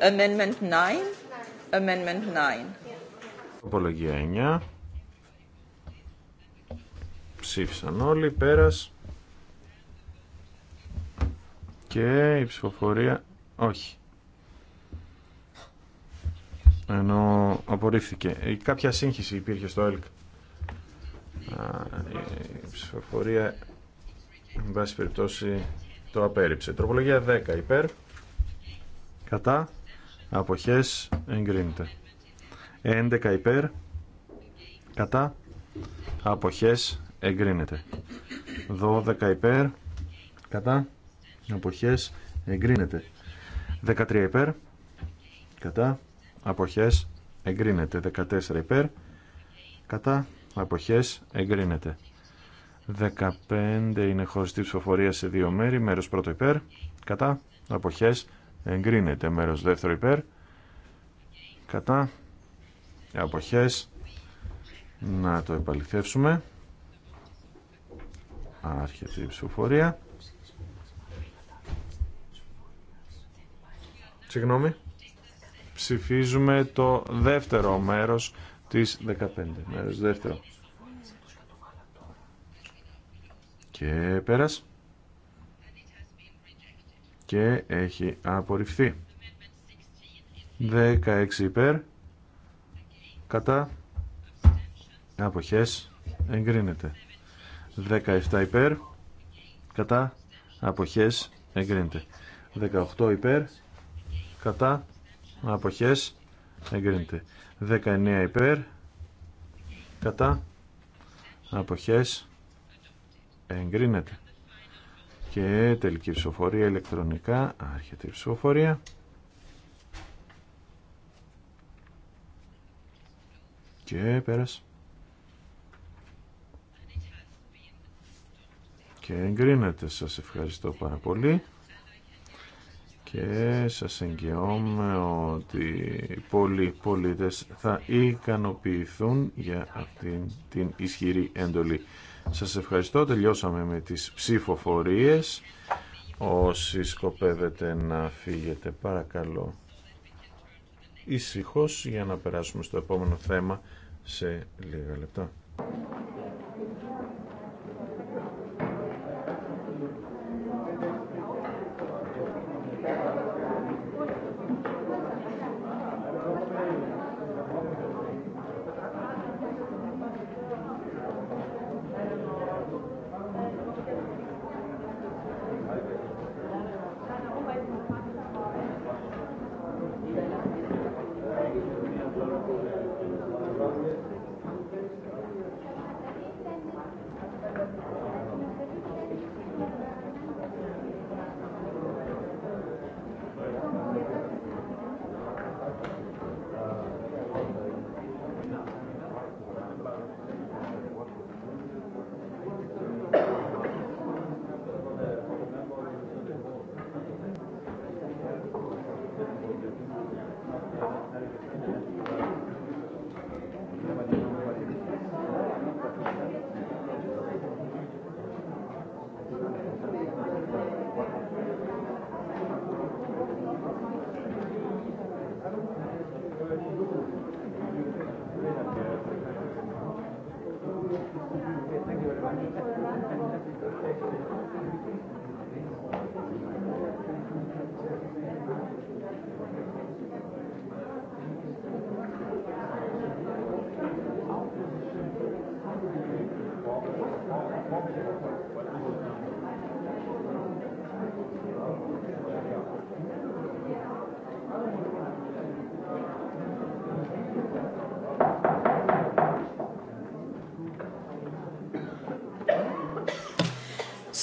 Amendment 9. Amendment 9. Απολογία 9. Ψήφισαν όλοι, πέρας. Και η ψηφοφορία, όχι. Ενώ απορρίφθηκε. Ε, κάποια σύγχυση υπήρχε στο ΕΛΚ. Η ψηφοφορία, εν πάση περιπτώσει, το απέρριψε. Τροπολογία 10 υπέρ κατά αποχές εγκρίνεται 11 υπέρ κατά αποχές εγκρίνεται 12 υπέρ κατά αποχές εγκρίνεται 13 υπέρ κατά αποχές εγκρίνεται 14 υπέρ κατά αποχές εγκρίνεται 15 είναι χωριστή ψηφοφορία σε δύο μέρη μέρος πρώτο υπέρ κατά αποχές εγκρίνεται. Μέρος δεύτερο υπέρ, κατά, αποχές, να το επαληθεύσουμε. Άρχεται η ψηφοφορία. Συγγνώμη. Ψηφίζουμε το δεύτερο μέρος της 15. Μέρος δεύτερο. Και πέρας και έχει απορριφθεί. 16 υπέρ κατά αποχές εγκρίνεται. 17 υπέρ κατά αποχές εγκρίνεται. 18 υπέρ κατά αποχές εγκρίνεται. 19 υπέρ κατά αποχές εγκρίνεται και τελική ψηφοφορία ηλεκτρονικά άρχεται η ψηφοφορία και πέρασε. και εγκρίνεται σας ευχαριστώ πάρα πολύ και σας εγγυώμαι ότι πολλοί πολίτες θα ικανοποιηθούν για αυτήν την ισχυρή έντολη σας ευχαριστώ. Τελειώσαμε με τις ψηφοφορίες. Όσοι σκοπεύετε να φύγετε, παρακαλώ ησυχώ για να περάσουμε στο επόμενο θέμα σε λίγα λεπτά.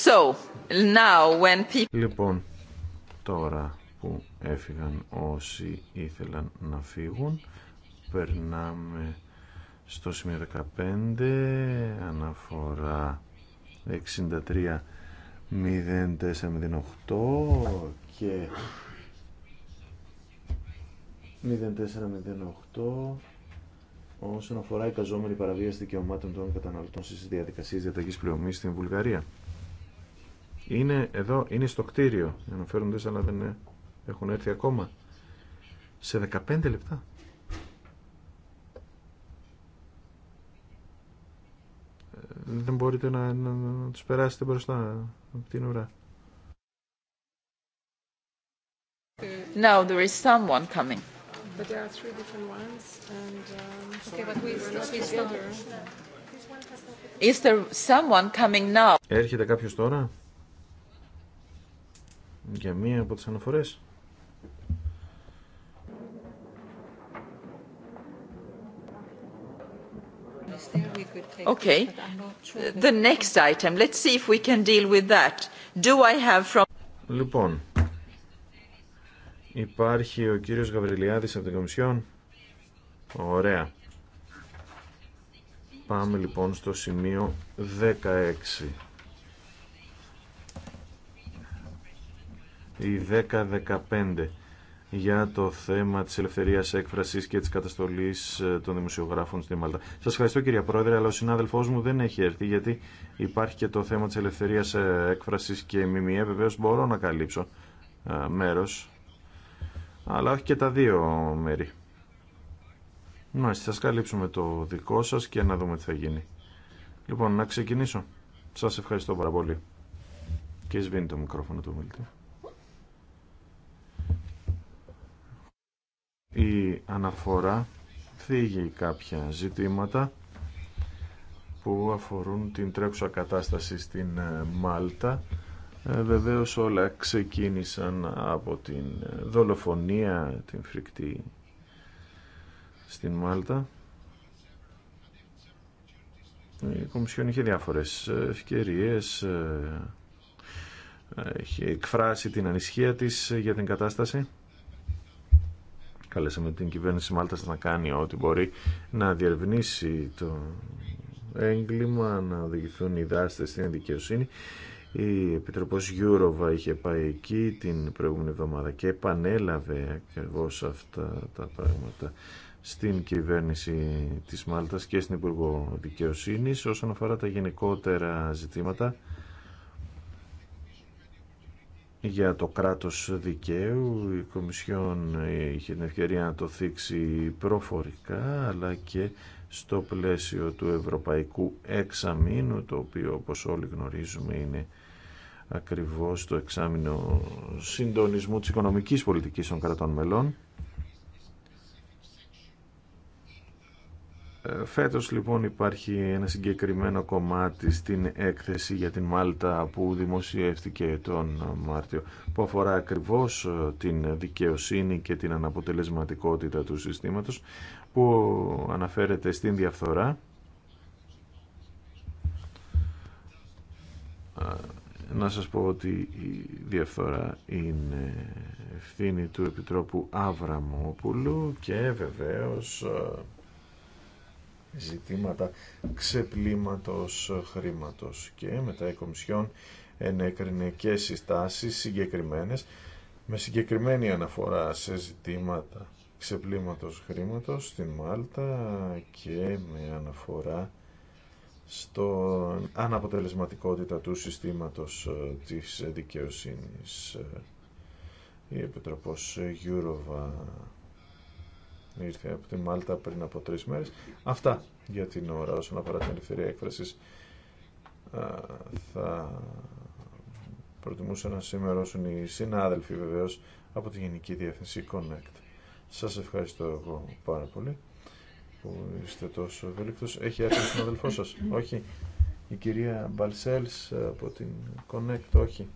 So, now when people... Λοιπόν, τώρα που έφυγαν όσοι ήθελαν να φύγουν, περνάμε στο σημείο 15, αναφορά 63 08 και 0408 όσον αφορά η καζόμενη παραβίαση δικαιωμάτων των καταναλωτών στις διαδικασίες διαταγής πληρωμής στην Βουλγαρία. Είναι εδώ, είναι στο κτίριο. Αναφέρονται αλλά δεν ε, έχουν έρθει ακόμα. Σε 15 λεπτά. Ε, δεν μπορείτε να, να, να τους περάσετε μπροστά από την ουρά. Now there is someone coming. But there are three different ones and um, okay, but we, we Is there someone coming now? Έρχεται κάποιος τώρα για μία από τις αναφορές. Okay. The next item. Let's see if we can deal with that. Do I have from... Λοιπόν, υπάρχει ο κύριος Γαβριλιάδης από την Κομισιόν. Ωραία. Πάμε λοιπόν στο σημείο 16. η 10-15 για το θέμα της ελευθερίας έκφρασης και της καταστολής ε, των δημοσιογράφων στη Μάλτα. Σας ευχαριστώ κύριε Πρόεδρε, αλλά ο συνάδελφός μου δεν έχει έρθει γιατί υπάρχει και το θέμα της ελευθερίας ε, έκφρασης και μιμιέ. βεβαίως μπορώ να καλύψω ε, μέρος, αλλά όχι και τα δύο μέρη. Να, σα καλύψουμε το δικό σας και να δούμε τι θα γίνει. Λοιπόν, να ξεκινήσω. Σας ευχαριστώ πάρα πολύ. Και σβήνει το μικρόφωνο του Μιλτή. αναφορά φύγει κάποια ζητήματα που αφορούν την τρέχουσα κατάσταση στην ε, Μάλτα. Ε, βεβαίως όλα ξεκίνησαν από την ε, δολοφονία, την φρικτή στην Μάλτα. Η Κομισιόν είχε διάφορες ευκαιρίες, είχε εκφράσει την ανησυχία της για την κατάσταση. Καλέσαμε την κυβέρνηση Μάλτας να κάνει ό,τι μπορεί να διερευνήσει το έγκλημα, να οδηγηθούν οι δάστες στην δικαιοσύνη. Η Επιτροπός Γιούροβα είχε πάει εκεί την προηγούμενη εβδομάδα και επανέλαβε ακριβώ αυτά τα πράγματα στην κυβέρνηση της Μάλτας και στην Υπουργό Δικαιοσύνης όσον αφορά τα γενικότερα ζητήματα για το κράτος δικαίου. Η Κομισιόν είχε την ευκαιρία να το θίξει προφορικά αλλά και στο πλαίσιο του Ευρωπαϊκού Εξαμήνου το οποίο όπως όλοι γνωρίζουμε είναι ακριβώς το εξάμεινο συντονισμού της οικονομικής πολιτικής των κρατών μελών Φέτος λοιπόν υπάρχει ένα συγκεκριμένο κομμάτι στην έκθεση για την Μάλτα που δημοσιεύτηκε τον Μάρτιο που αφορά ακριβώς ε, την δικαιοσύνη και την αναποτελεσματικότητα του συστήματος που αναφέρεται στην διαφθορά ε, να σας πω ότι η διαφθορά είναι ευθύνη του Επιτρόπου Αβραμόπουλου και βεβαίως ε, ζητήματα ξεπλήματος χρήματος και μετά η Κομισιόν ενέκρινε και συστάσεις συγκεκριμένες με συγκεκριμένη αναφορά σε ζητήματα ξεπλήματος χρήματος στην Μάλτα και με αναφορά στο αναποτελεσματικότητα του συστήματος ε, της δικαιοσύνης. Ε, η Επιτροπός Γιούροβα ήρθε από τη Μάλτα πριν από τρεις μέρες. Αυτά για την ώρα όσον αφορά την ελευθερία έκφρασης θα προτιμούσα να σημερώσουν οι συνάδελφοι βεβαίω από τη Γενική Διεύθυνση Connect. Σας ευχαριστώ εγώ πάρα πολύ που είστε τόσο ευέλικτος. Έχει έρθει ο συναδελφός σας, όχι. Η κυρία Μπαλσέλς από την Connect, όχι.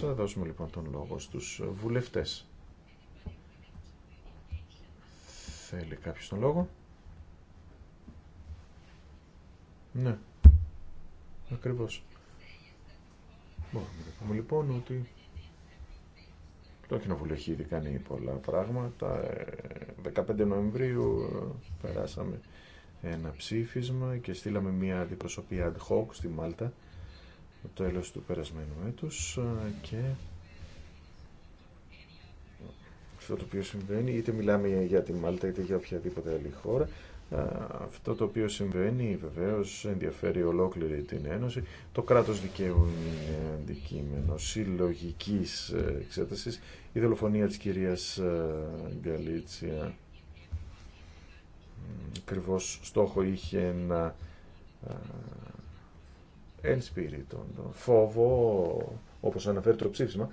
σας δώσουμε λοιπόν τον λόγο στους βουλευτές. Θέλει κάποιος τον λόγο. Ναι. Ακριβώς. Μπορούμε να πούμε λοιπόν ότι το κοινοβούλιο έχει ήδη κάνει πολλά πράγματα. 15 ε, Νοεμβρίου ε, περάσαμε ένα ψήφισμα και στείλαμε μια διπροσωπη ad hoc στη Μάλτα το τέλος του περασμένου έτους ε, και αυτό το οποίο συμβαίνει, είτε μιλάμε για τη Μάλτα είτε για οποιαδήποτε άλλη χώρα. Αυτό το οποίο συμβαίνει βεβαίω ενδιαφέρει ολόκληρη την Ένωση. Το κράτος δικαίου είναι αντικείμενο συλλογική ε, εξέταση. Η δολοφονία της κυρίας ε, Γκαλίτσια ακριβώ στόχο είχε να ε, ενσπείρει τον φόβο όπως αναφέρει το ψήφισμα,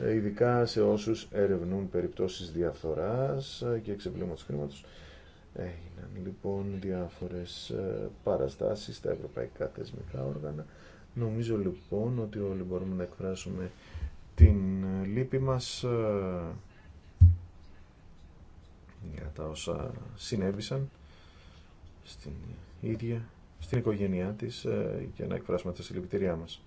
ε, ειδικά σε όσους ερευνούν περιπτώσεις διαφθοράς ε, και εξεπλήματο χρήματο. Έγιναν λοιπόν διάφορες ε, παραστάσει στα ευρωπαϊκά θεσμικά όργανα. Νομίζω λοιπόν ότι όλοι μπορούμε να εκφράσουμε την λύπη μας για τα όσα συνέβησαν στην ίδια, στην οικογένειά της για να εκφράσουμε τα συλληπιτήριά μας.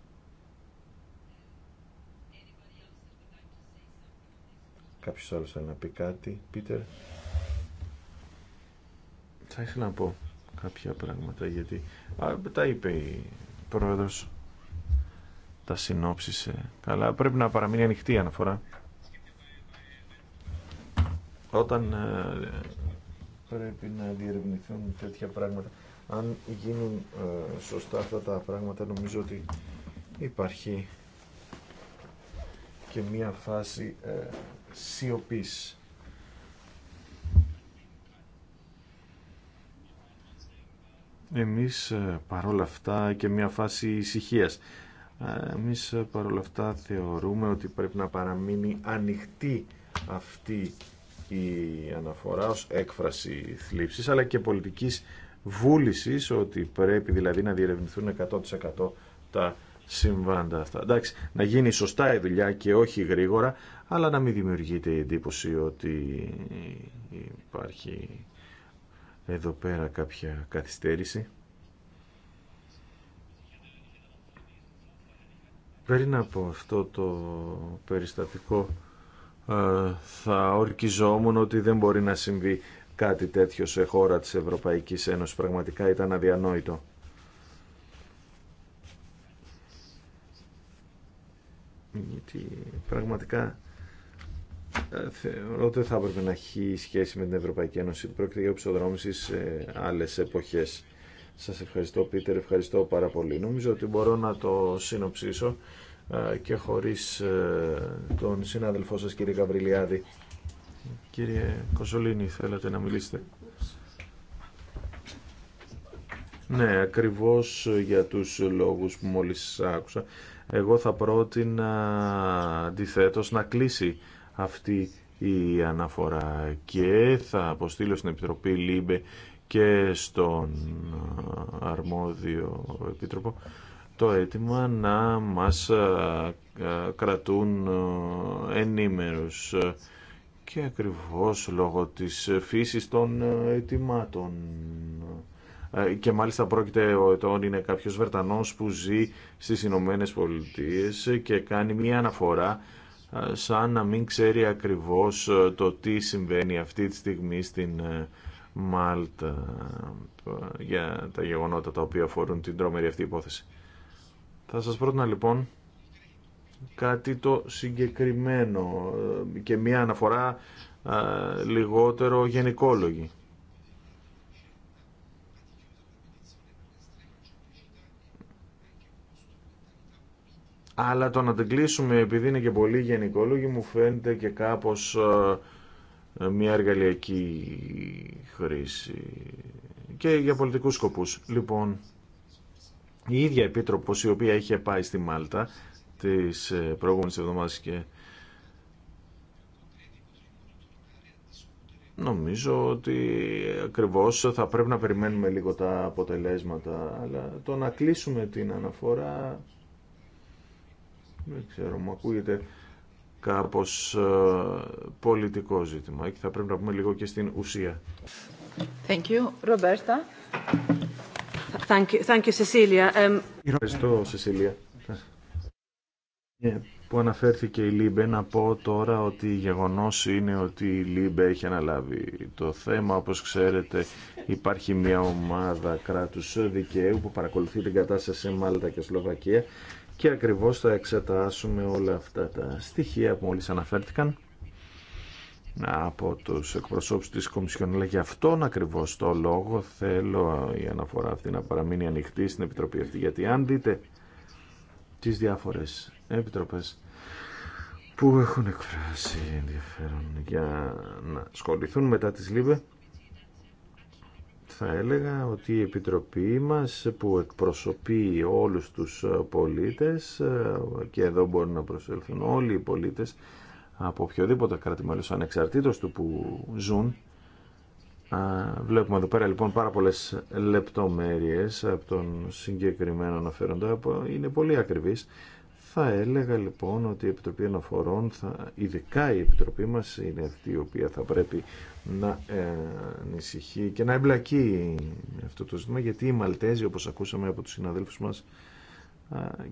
Κάποιος άλλος θέλει να πει κάτι. Πίτερ. Θα ήθελα να πω κάποια πράγματα γιατί α, τα είπε η πρόεδρος τα συνόψισε καλά πρέπει να παραμείνει ανοιχτή η αναφορά όταν ε, πρέπει να διερευνηθούν τέτοια πράγματα αν γίνουν ε, σωστά αυτά τα πράγματα νομίζω ότι υπάρχει και μία φάση ε, σιωπής. Εμείς ε, παρόλα αυτά και μια φάση ησυχία. Ε, εμείς ε, παρόλα αυτά θεωρούμε ότι πρέπει να παραμείνει ανοιχτή αυτή η αναφορά ως έκφραση θλίψης αλλά και πολιτικής βούλησης ότι πρέπει δηλαδή να διερευνηθούν 100% τα συμβάντα αυτά. Εντάξει, να γίνει σωστά η δουλειά και όχι γρήγορα, αλλά να μην δημιουργείται η εντύπωση ότι υπάρχει εδώ πέρα κάποια καθυστέρηση. Πριν από αυτό το περιστατικό ε, θα ορκιζόμουν ότι δεν μπορεί να συμβεί κάτι τέτοιο σε χώρα της Ευρωπαϊκής Ένωσης. Πραγματικά ήταν αδιανόητο. Γιατί πραγματικά ε, θεωρώ ότι θα έπρεπε να έχει σχέση με την Ευρωπαϊκή Ένωση. Πρόκειται για σε άλλε εποχές. Σας ευχαριστώ Πίτερ, ευχαριστώ πάρα πολύ. Νομίζω ότι μπορώ να το συνοψίσω ε, και χωρίς ε, τον συνάδελφό σα κύριε Καβριλιάδη. Κύριε Κοσολίνη, θέλετε να μιλήσετε. Ναι, ακριβώς για τους λόγους που μόλις άκουσα. Εγώ θα πρότεινα αντιθέτω να κλείσει αυτή η αναφορά και θα αποστείλω στην Επιτροπή ΛΥΜΠΕ και στον ε, αρμόδιο επίτροπο το αίτημα να μας ε, ε, κρατούν ενήμερους και ακριβώς λόγω της φύσης των αιτημάτων. Και μάλιστα πρόκειται ο ετών είναι κάποιος Βερτανός που ζει στις Ηνωμένε Πολιτείες και κάνει μια αναφορά ε, σαν να μην ξέρει ακριβώς ε, το τι συμβαίνει αυτή τη στιγμή στην ε, Μάλτα για τα γεγονότα τα οποία αφορούν την τρομερή αυτή υπόθεση. Θα σας πρότεινα λοιπόν κάτι το συγκεκριμένο και μία αναφορά λιγότερο γενικόλογη. αλλά το να την κλείσουμε επειδή είναι και πολύ γενικόλογοι μου φαίνεται και κάπως ε, ε, μια εργαλειακή χρήση και για πολιτικούς σκοπούς. Λοιπόν, η ίδια επίτροπος η οποία είχε πάει στη Μάλτα τις ε, προηγούμενες εβδομάδες και Νομίζω ότι ακριβώς θα πρέπει να περιμένουμε λίγο τα αποτελέσματα, αλλά το να κλείσουμε την αναφορά δεν ξέρω, μου ακούγεται κάπως ε, πολιτικό ζήτημα και θα πρέπει να πούμε λίγο και στην ουσία. Ευχαριστώ, Σεσίλια. που αναφέρθηκε η Λίμπε, να πω τώρα ότι η γεγονός είναι ότι η Λίμπε έχει αναλάβει το θέμα. Όπως ξέρετε υπάρχει μια ομάδα κράτους δικαίου που παρακολουθεί την κατάσταση σε Μάλτα και Σλοβακία και ακριβώς θα εξετάσουμε όλα αυτά τα στοιχεία που μόλις αναφέρθηκαν από τους εκπροσώπους της Κομισιόν αλλά για αυτόν ακριβώς το λόγο θέλω η αναφορά αυτή να παραμείνει ανοιχτή στην Επιτροπή αυτή γιατί αν δείτε τις διάφορες επιτροπές που έχουν εκφράσει ενδιαφέρον για να σχοληθούν μετά τις ΛΥΒΕ θα έλεγα ότι η Επιτροπή μας που εκπροσωπεί όλους τους πολίτες και εδώ μπορούν να προσέλθουν όλοι οι πολίτες από οποιοδήποτε κράτη-μέλος ανεξαρτήτως του που ζουν Βλέπουμε εδώ πέρα λοιπόν πάρα πολλές λεπτομέρειες από τον συγκεκριμένο αναφέροντα, είναι πολύ ακριβής. Θα έλεγα λοιπόν ότι η Επιτροπή Αναφορών, ειδικά η Επιτροπή μας, είναι αυτή η οποία θα πρέπει να ε, ανησυχεί και να εμπλακεί αυτό το ζήτημα γιατί οι Μαλτέζοι όπως ακούσαμε από τους συναδέλφους μας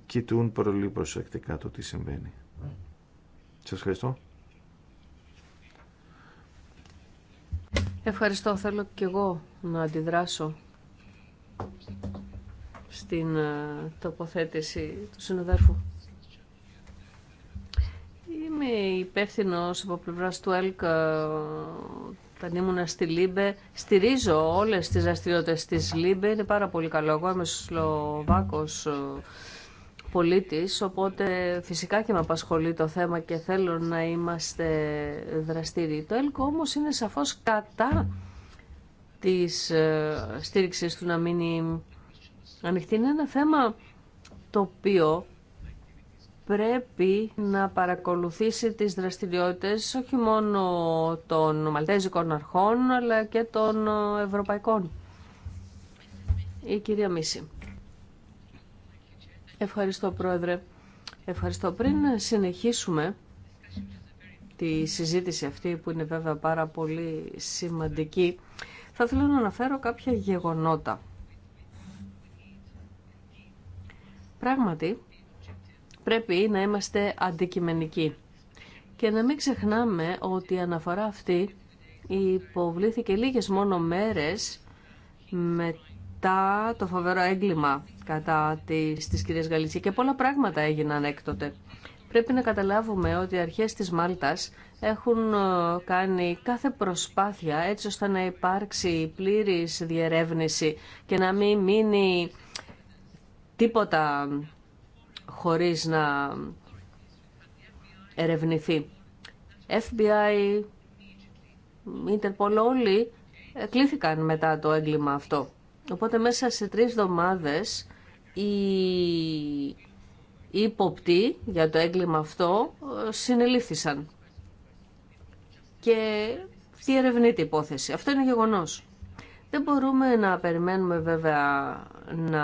κοιτούν πολύ προσεκτικά το τι συμβαίνει. Σας ευχαριστώ. Ευχαριστώ. Θέλω και εγώ να αντιδράσω στην ε, τοποθέτηση του συναδέλφου. Είμαι υπεύθυνο από πλευρά του ΕΛΚ ε, όταν ήμουν στη Λίμπε, στηρίζω όλες τις δραστηριότητε της Λίμπε. Είναι πάρα πολύ καλό. Εγώ είμαι Σλοβάκος ε, πολίτης, οπότε φυσικά και με απασχολεί το θέμα και θέλω να είμαστε δραστήριοι. Το ΕΛΚΟ όμω είναι σαφώς κατά της ε, στήριξη του να μείνει ανοιχτή. Είναι ένα θέμα το οποίο πρέπει να παρακολουθήσει τις δραστηριότητες όχι μόνο των μαλτέζικων αρχών αλλά και των ευρωπαϊκών. Η κυρία Μίση. Ευχαριστώ Πρόεδρε. Ευχαριστώ. Πριν συνεχίσουμε τη συζήτηση αυτή που είναι βέβαια πάρα πολύ σημαντική, θα θέλω να αναφέρω κάποια γεγονότα. Πράγματι, πρέπει να είμαστε αντικειμενικοί. Και να μην ξεχνάμε ότι η αναφορά αυτή υποβλήθηκε λίγες μόνο μέρες μετά το φοβερό έγκλημα κατά της, της κυρίας Γαλίτσια και πολλά πράγματα έγιναν έκτοτε. Πρέπει να καταλάβουμε ότι οι αρχές της Μάλτας έχουν ε, κάνει κάθε προσπάθεια έτσι ώστε να υπάρξει πλήρης διερεύνηση και να μην μείνει τίποτα χωρίς να ερευνηθεί. FBI, Interpol, όλοι κλήθηκαν μετά το έγκλημα αυτό. Οπότε μέσα σε τρεις εβδομάδες οι ύποπτοι για το έγκλημα αυτό ε, συνελήφθησαν και διερευνείται η υπόθεση. Αυτό είναι γεγονός. Δεν μπορούμε να περιμένουμε βέβαια να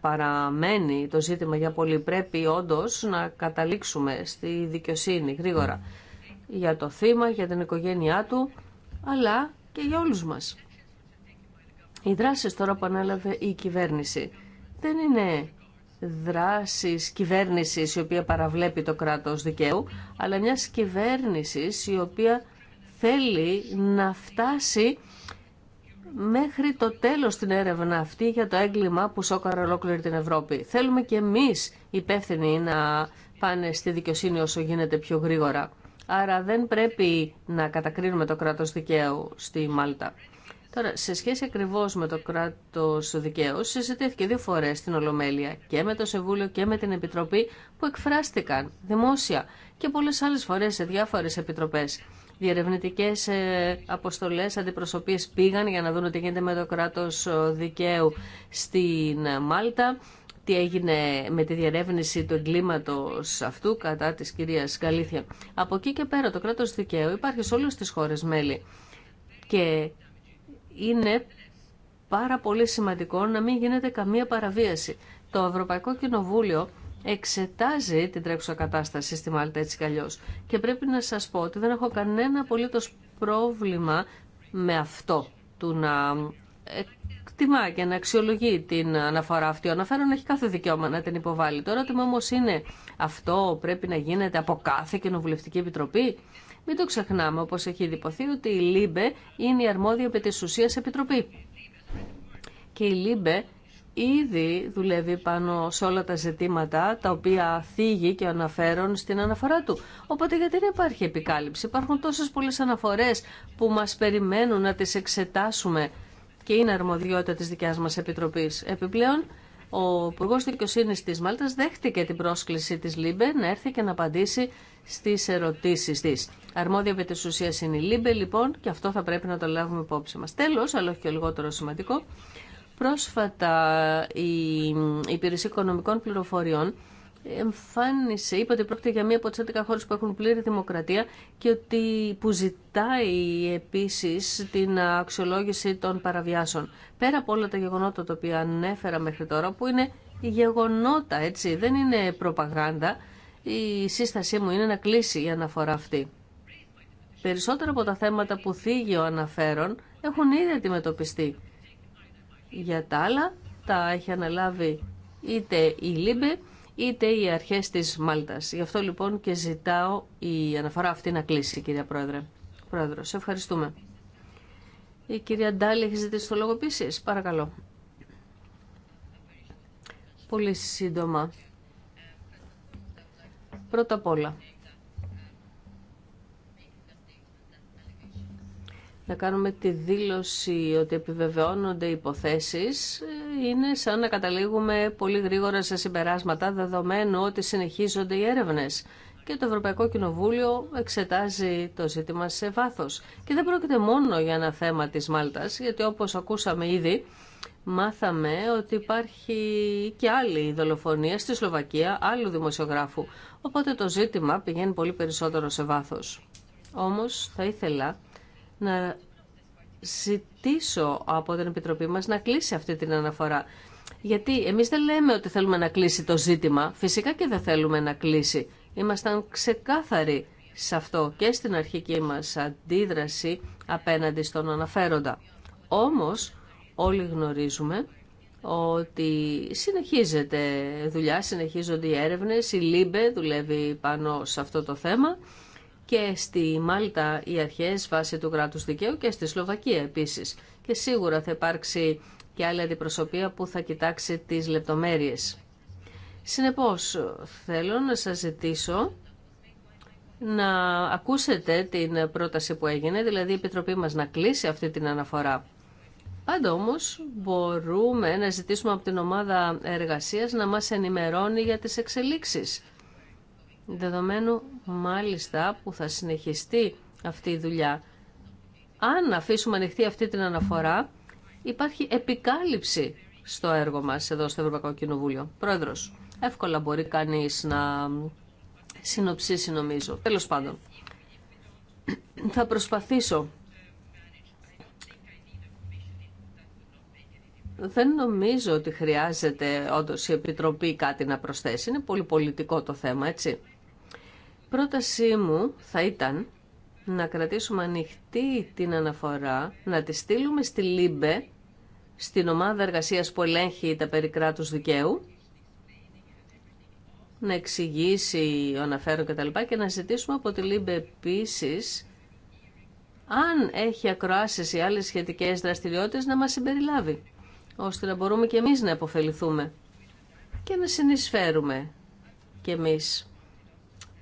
παραμένει το ζήτημα για πολύ. Πρέπει όντως να καταλήξουμε στη δικαιοσύνη γρήγορα για το θύμα, για την οικογένειά του, αλλά και για όλους μας. Οι δράσεις τώρα που ανέλαβε η κυβέρνηση δεν είναι δράσεις κυβέρνησης η οποία παραβλέπει το κράτος δικαίου, αλλά μια κυβέρνησης η οποία θέλει να φτάσει μέχρι το τέλος την έρευνα αυτή για το έγκλημα που σόκαρε ολόκληρη την Ευρώπη. Θέλουμε και εμείς υπεύθυνοι να πάνε στη δικαιοσύνη όσο γίνεται πιο γρήγορα. Άρα δεν πρέπει να κατακρίνουμε το κράτος δικαίου στη Μάλτα. Τώρα, σε σχέση ακριβώ με το κράτο δικαίου, συζητήθηκε δύο φορέ στην Ολομέλεια και με το Σεβούλιο και με την Επιτροπή που εκφράστηκαν δημόσια και πολλέ άλλε φορέ σε διάφορε επιτροπέ. Διερευνητικέ ε, αποστολές, αντιπροσωπείες πήγαν για να δουν τι γίνεται με το κράτος ε, δικαίου στην ε, Μάλτα τι έγινε με τη διερεύνηση του εγκλήματος αυτού κατά της κυρίας Καλήθεια. Από εκεί και πέρα το κράτος δικαίου υπάρχει σε όλες τις χώρες μέλη και είναι πάρα πολύ σημαντικό να μην γίνεται καμία παραβίαση. Το Ευρωπαϊκό Κοινοβούλιο εξετάζει την τρέχουσα κατάσταση στη Μάλτα έτσι αλλιώς. Και πρέπει να σας πω ότι δεν έχω κανένα απολύτως πρόβλημα με αυτό του να εκτιμά και να αξιολογεί την αναφορά αυτή. Ο να έχει κάθε δικαίωμα να την υποβάλει. Το ερώτημα όμω είναι αυτό πρέπει να γίνεται από κάθε κοινοβουλευτική επιτροπή. Μην το ξεχνάμε, όπως έχει διποθεί, ότι η ΛΥΜΠΕ είναι η αρμόδια επί της ουσίας επιτροπή. Και η ΛΥΜΠΕ ήδη δουλεύει πάνω σε όλα τα ζητήματα τα οποία θίγει και αναφέρον στην αναφορά του. Οπότε γιατί δεν υπάρχει επικάλυψη. Υπάρχουν τόσες πολλές αναφορές που μας περιμένουν να τις εξετάσουμε και είναι αρμοδιότητα της δικιάς μας Επιτροπής. Επιπλέον, ο Υπουργός Δικαιοσύνη τη Μάλτας δέχτηκε την πρόσκληση της Λίμπε να έρθει και να απαντήσει στι ερωτήσει τη. Αρμόδια επί τη ουσία είναι η ΛΥΜΠΕ, λοιπόν, και αυτό θα πρέπει να το λάβουμε υπόψη μα. Τέλο, αλλά όχι και λιγότερο σημαντικό, Πρόσφατα η Υπηρεσία Οικονομικών Πληροφοριών εμφάνισε, είπε ότι πρόκειται για μία από τις 11 χώρες που έχουν πλήρη δημοκρατία και ότι που ζητάει επίσης την αξιολόγηση των παραβιάσεων. Πέρα από όλα τα γεγονότα τα οποία ανέφερα μέχρι τώρα, που είναι γεγονότα, έτσι, δεν είναι προπαγάνδα, η σύστασή μου είναι να κλείσει η αναφορά αυτή. Περισσότερα από τα θέματα που θίγει ο αναφέρον έχουν ήδη αντιμετωπιστεί για τα άλλα, τα έχει αναλάβει είτε η Λίμπε, είτε οι αρχές της Μάλτας. Γι' αυτό λοιπόν και ζητάω η αναφορά αυτή να κλείσει, κυρία Πρόεδρε. Πρόεδρο, σε ευχαριστούμε. Η κυρία Ντάλη έχει ζητήσει το λόγο επίσης. Παρακαλώ. Πολύ σύντομα. Πρώτα απ' όλα, να κάνουμε τη δήλωση ότι επιβεβαιώνονται υποθέσεις είναι σαν να καταλήγουμε πολύ γρήγορα σε συμπεράσματα δεδομένου ότι συνεχίζονται οι έρευνες και το Ευρωπαϊκό Κοινοβούλιο εξετάζει το ζήτημα σε βάθος. Και δεν πρόκειται μόνο για ένα θέμα της Μάλτας, γιατί όπως ακούσαμε ήδη, μάθαμε ότι υπάρχει και άλλη δολοφονία στη Σλοβακία, άλλου δημοσιογράφου. Οπότε το ζήτημα πηγαίνει πολύ περισσότερο σε βάθος. Όμως θα ήθελα να ζητήσω από την Επιτροπή μας να κλείσει αυτή την αναφορά. Γιατί εμείς δεν λέμε ότι θέλουμε να κλείσει το ζήτημα. Φυσικά και δεν θέλουμε να κλείσει. Ήμασταν ξεκάθαροι σε αυτό και στην αρχική μας αντίδραση απέναντι στον αναφέροντα. Όμως όλοι γνωρίζουμε ότι συνεχίζεται δουλειά, συνεχίζονται οι έρευνες, η ΛΥΜΠΕ δουλεύει πάνω σε αυτό το θέμα και στη Μάλτα οι αρχές βάσει του κράτους δικαίου και στη Σλοβακία επίσης. Και σίγουρα θα υπάρξει και άλλη αντιπροσωπεία που θα κοιτάξει τις λεπτομέρειες. Συνεπώς, θέλω να σας ζητήσω να ακούσετε την πρόταση που έγινε, δηλαδή η Επιτροπή μας να κλείσει αυτή την αναφορά. Πάντα όμως μπορούμε να ζητήσουμε από την ομάδα εργασίας να μας ενημερώνει για τις εξελίξεις δεδομένου μάλιστα που θα συνεχιστεί αυτή η δουλειά. Αν αφήσουμε ανοιχτή αυτή την αναφορά, υπάρχει επικάλυψη στο έργο μας εδώ στο Ευρωπαϊκό Κοινοβούλιο. Πρόεδρος, εύκολα μπορεί κανείς να συνοψίσει νομίζω. Τέλος πάντων, θα προσπαθήσω. Δεν νομίζω ότι χρειάζεται όντως η Επιτροπή κάτι να προσθέσει. Είναι πολύ πολιτικό το θέμα, έτσι πρότασή μου θα ήταν να κρατήσουμε ανοιχτή την αναφορά, να τη στείλουμε στη ΛΥΜΠΕ, στην ομάδα εργασίας που ελέγχει τα περί κράτους δικαίου, να εξηγήσει ο αναφέρον κτλ. Και, να ζητήσουμε από τη ΛΥΜΠΕ επίση, αν έχει ακροάσεις ή άλλες σχετικές δραστηριότητες, να μας συμπεριλάβει, ώστε να μπορούμε και εμείς να επωφεληθούμε και να συνεισφέρουμε και εμείς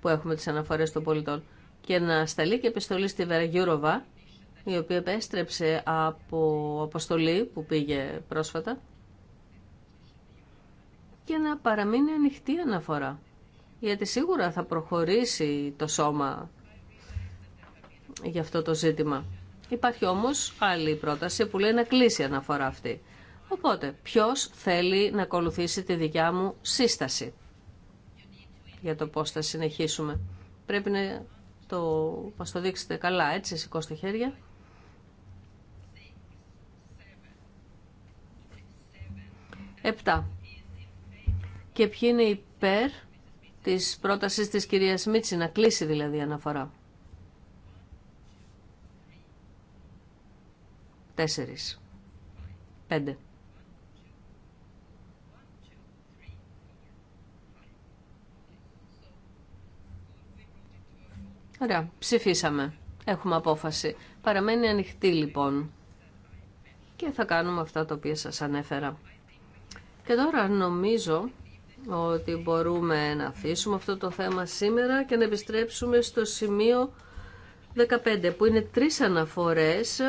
που έχουμε τις αναφορές των πολιτών και να σταλεί και επιστολή στη Βεραγιούροβα η οποία επέστρεψε από αποστολή που πήγε πρόσφατα και να παραμείνει ανοιχτή αναφορά. Γιατί σίγουρα θα προχωρήσει το σώμα για αυτό το ζήτημα. Υπάρχει όμως άλλη πρόταση που λέει να κλείσει η αναφορά αυτή. Οπότε, ποιος θέλει να ακολουθήσει τη δικιά μου σύσταση για το πώς θα συνεχίσουμε. Πρέπει να το μας το δείξετε καλά, έτσι, σηκώστε χέρια. Επτά. Και ποιοι είναι υπέρ της πρότασης της κυρίας Μίτση, να κλείσει δηλαδή αναφορά. Τέσσερις. Πέντε. Ωραία, ψηφίσαμε. Έχουμε απόφαση. Παραμένει ανοιχτή λοιπόν. Και θα κάνουμε αυτά τα οποία σας ανέφερα. Και τώρα νομίζω ότι μπορούμε να αφήσουμε αυτό το θέμα σήμερα και να επιστρέψουμε στο σημείο 15 που είναι τρεις αναφορές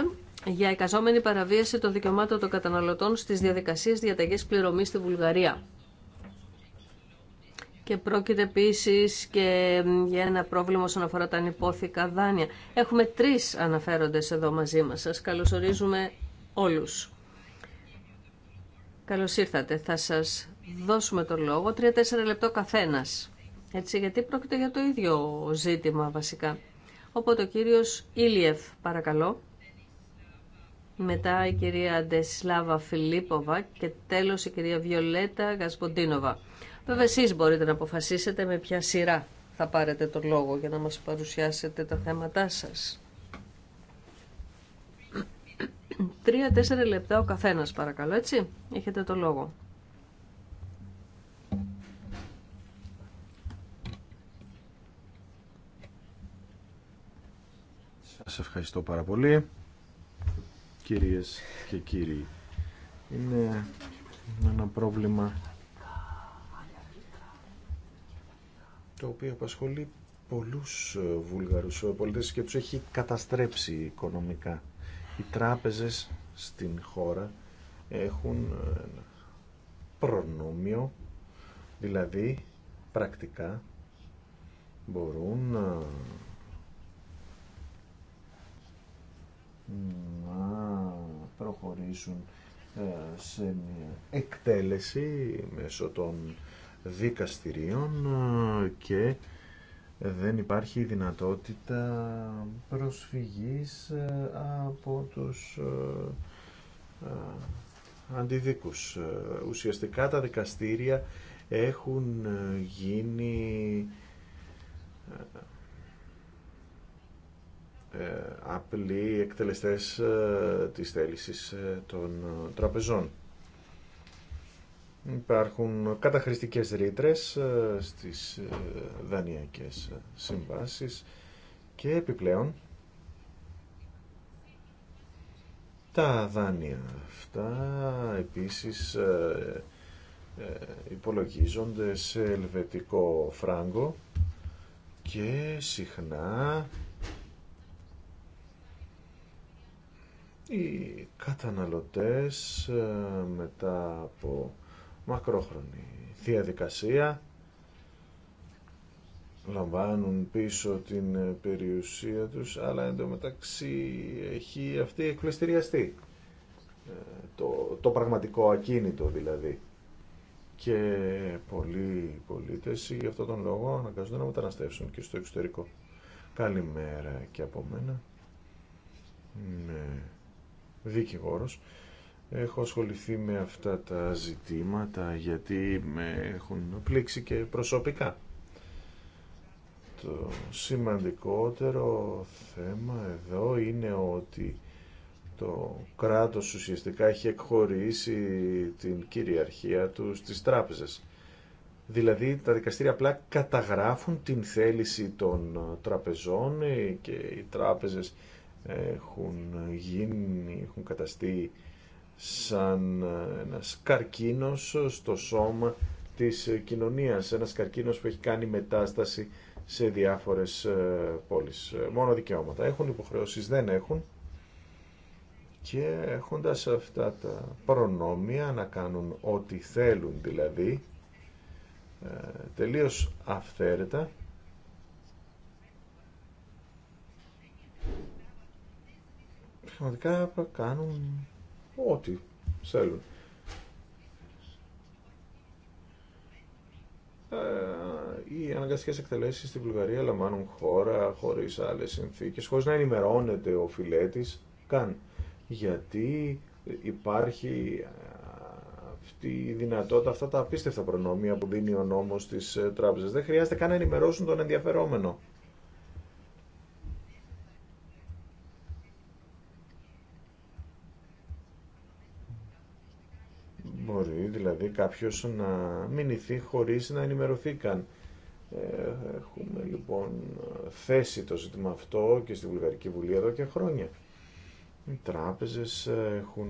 για εικαζόμενη παραβίαση των δικαιωμάτων των καταναλωτών στις διαδικασίες διαταγής πληρωμής στη Βουλγαρία και πρόκειται επίση και για ένα πρόβλημα όσον αφορά τα ανυπόθηκα δάνεια. Έχουμε τρεις αναφέροντε εδώ μαζί μας. Σας καλωσορίζουμε όλους. Καλώς ήρθατε. Θα σας δώσουμε το λόγο. Τρία-τέσσερα λεπτό καθένας. Έτσι, γιατί πρόκειται για το ίδιο ζήτημα βασικά. Οπότε ο κύριος Ήλιεφ, παρακαλώ μετά η κυρία Ντεσλάβα Φιλίποβα και τέλος η κυρία Βιολέτα Γασποντίνοβα. Βέβαια εσείς μπορείτε να αποφασίσετε με ποια σειρά θα πάρετε το λόγο για να μας παρουσιάσετε τα θέματά σας. Τρία-τέσσερα λεπτά ο καθένας παρακαλώ, έτσι. Έχετε το λόγο. Σας ευχαριστώ πάρα πολύ κυρίες και κύριοι. Είναι ένα πρόβλημα το οποίο απασχολεί πολλούς ε, Βούλγαρους ε, πολίτες και τους έχει καταστρέψει οικονομικά. Οι τράπεζες στην χώρα έχουν προνόμιο, δηλαδή πρακτικά μπορούν να να προχωρήσουν ε, σε μια εκτέλεση μέσω των δικαστηρίων και δεν υπάρχει δυνατότητα προσφυγής ε, από τους ε, αντιδίκους. Ουσιαστικά τα δικαστήρια έχουν γίνει ε, απλοί εκτελεστές ε, της θέλησης ε, των τραπεζών. Υπάρχουν καταχρηστικές ρήτρε στις δανειακές συμβάσεις και επιπλέον τα δάνεια αυτά επίσης υπολογίζονται σε ελβετικό φράγκο και συχνά οι καταναλωτές ε, μετά από μακρόχρονη διαδικασία λαμβάνουν πίσω την περιουσία τους αλλά εντωμεταξύ έχει αυτή εκπληστηριαστεί ε, το, το πραγματικό ακίνητο δηλαδή και πολλοί πολίτες γι' αυτόν τον λόγο αναγκάζονται να μεταναστεύσουν και στο εξωτερικό. Καλημέρα και από μένα. Ναι δικηγόρος. Έχω ασχοληθεί με αυτά τα ζητήματα γιατί με έχουν πλήξει και προσωπικά. Το σημαντικότερο θέμα εδώ είναι ότι το κράτος ουσιαστικά έχει εκχωρήσει την κυριαρχία του στις τράπεζες. Δηλαδή τα δικαστήρια απλά καταγράφουν την θέληση των τραπεζών ε, και οι τράπεζες έχουν γίνει, έχουν καταστεί σαν ένας καρκίνος στο σώμα της κοινωνίας, ένας καρκίνος που έχει κάνει μετάσταση σε διάφορες ε, πόλεις. Μόνο δικαιώματα έχουν, υποχρεώσεις δεν έχουν και έχοντας αυτά τα προνόμια να κάνουν ό,τι θέλουν δηλαδή, ε, τελείως αυθαίρετα πραγματικά κάνουν ό,τι θέλουν. Ε, οι αναγκαστικέ εκτελέσει στη Βουλγαρία λαμβάνουν χώρα χωρί άλλε συνθήκε. Χωρί να ενημερώνεται ο φιλέτη καν. Γιατί υπάρχει ε, αυτή η δυνατότητα, αυτά τα απίστευτα προνόμια που δίνει ο νόμος της ε, τράπεζας. Δεν χρειάζεται καν να ενημερώσουν τον ενδιαφερόμενο. κάποιος να μηνυθεί χωρίς να ενημερωθεί καν. Ε, έχουμε λοιπόν θέσει το ζήτημα αυτό και στη Βουλγαρική Βουλή εδώ και χρόνια. Οι τράπεζες έχουν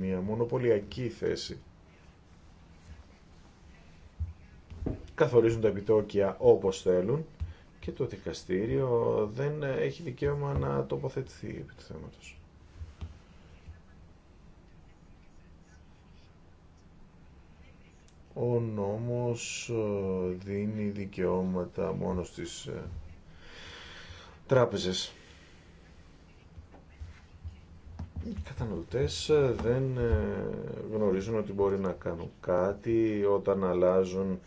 μια μονοπωλιακή θέση. Καθορίζουν τα επιτόκια όπως θέλουν και το δικαστήριο δεν έχει δικαίωμα να τοποθετηθεί επί του θέματος. Ο νόμος ε, δίνει δικαιώματα μόνο στις ε, τράπεζες. Οι καταναλωτές ε, δεν γνωρίζουν ότι μπορεί να κάνουν κάτι όταν αλλάζουν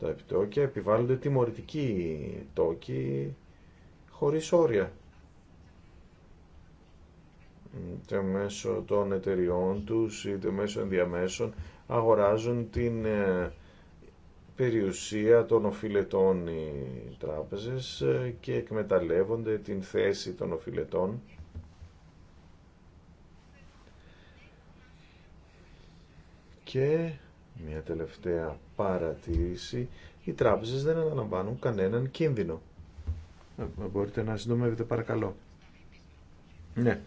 τα επιτόκια, επιβάλλονται τιμωρητικοί τόκοι χωρίς όρια. Είτε μέσω των εταιριών τους, είτε μέσω ενδιαμέσων, αγοράζουν την ε, περιουσία των οφειλετών οι τράπεζες ε, και εκμεταλλεύονται την θέση των οφειλετών και μια τελευταία παρατήρηση οι τράπεζες δεν αναλαμβάνουν κανέναν κίνδυνο ε, μπορείτε να συντομεύετε παρακαλώ ναι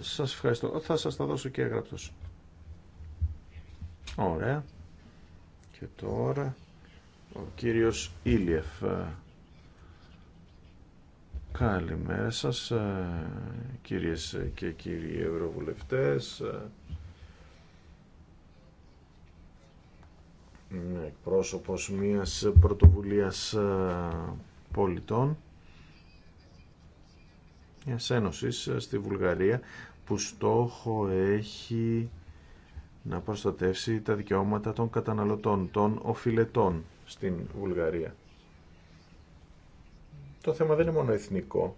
σας ευχαριστώ θα σας τα δώσω και έγραπτος Ωραία. Και τώρα ο κύριος Ήλιεφ. Καλημέρα σας ε, κυρίες και κύριοι ευρωβουλευτές. Είμαι εκπρόσωπος μιας πρωτοβουλίας ε, πολιτών μιας ένωσης ε, στη Βουλγαρία που στόχο έχει να προστατεύσει τα δικαιώματα των καταναλωτών, των οφηλετών στην Βουλγαρία. Το θέμα δεν είναι μόνο εθνικό.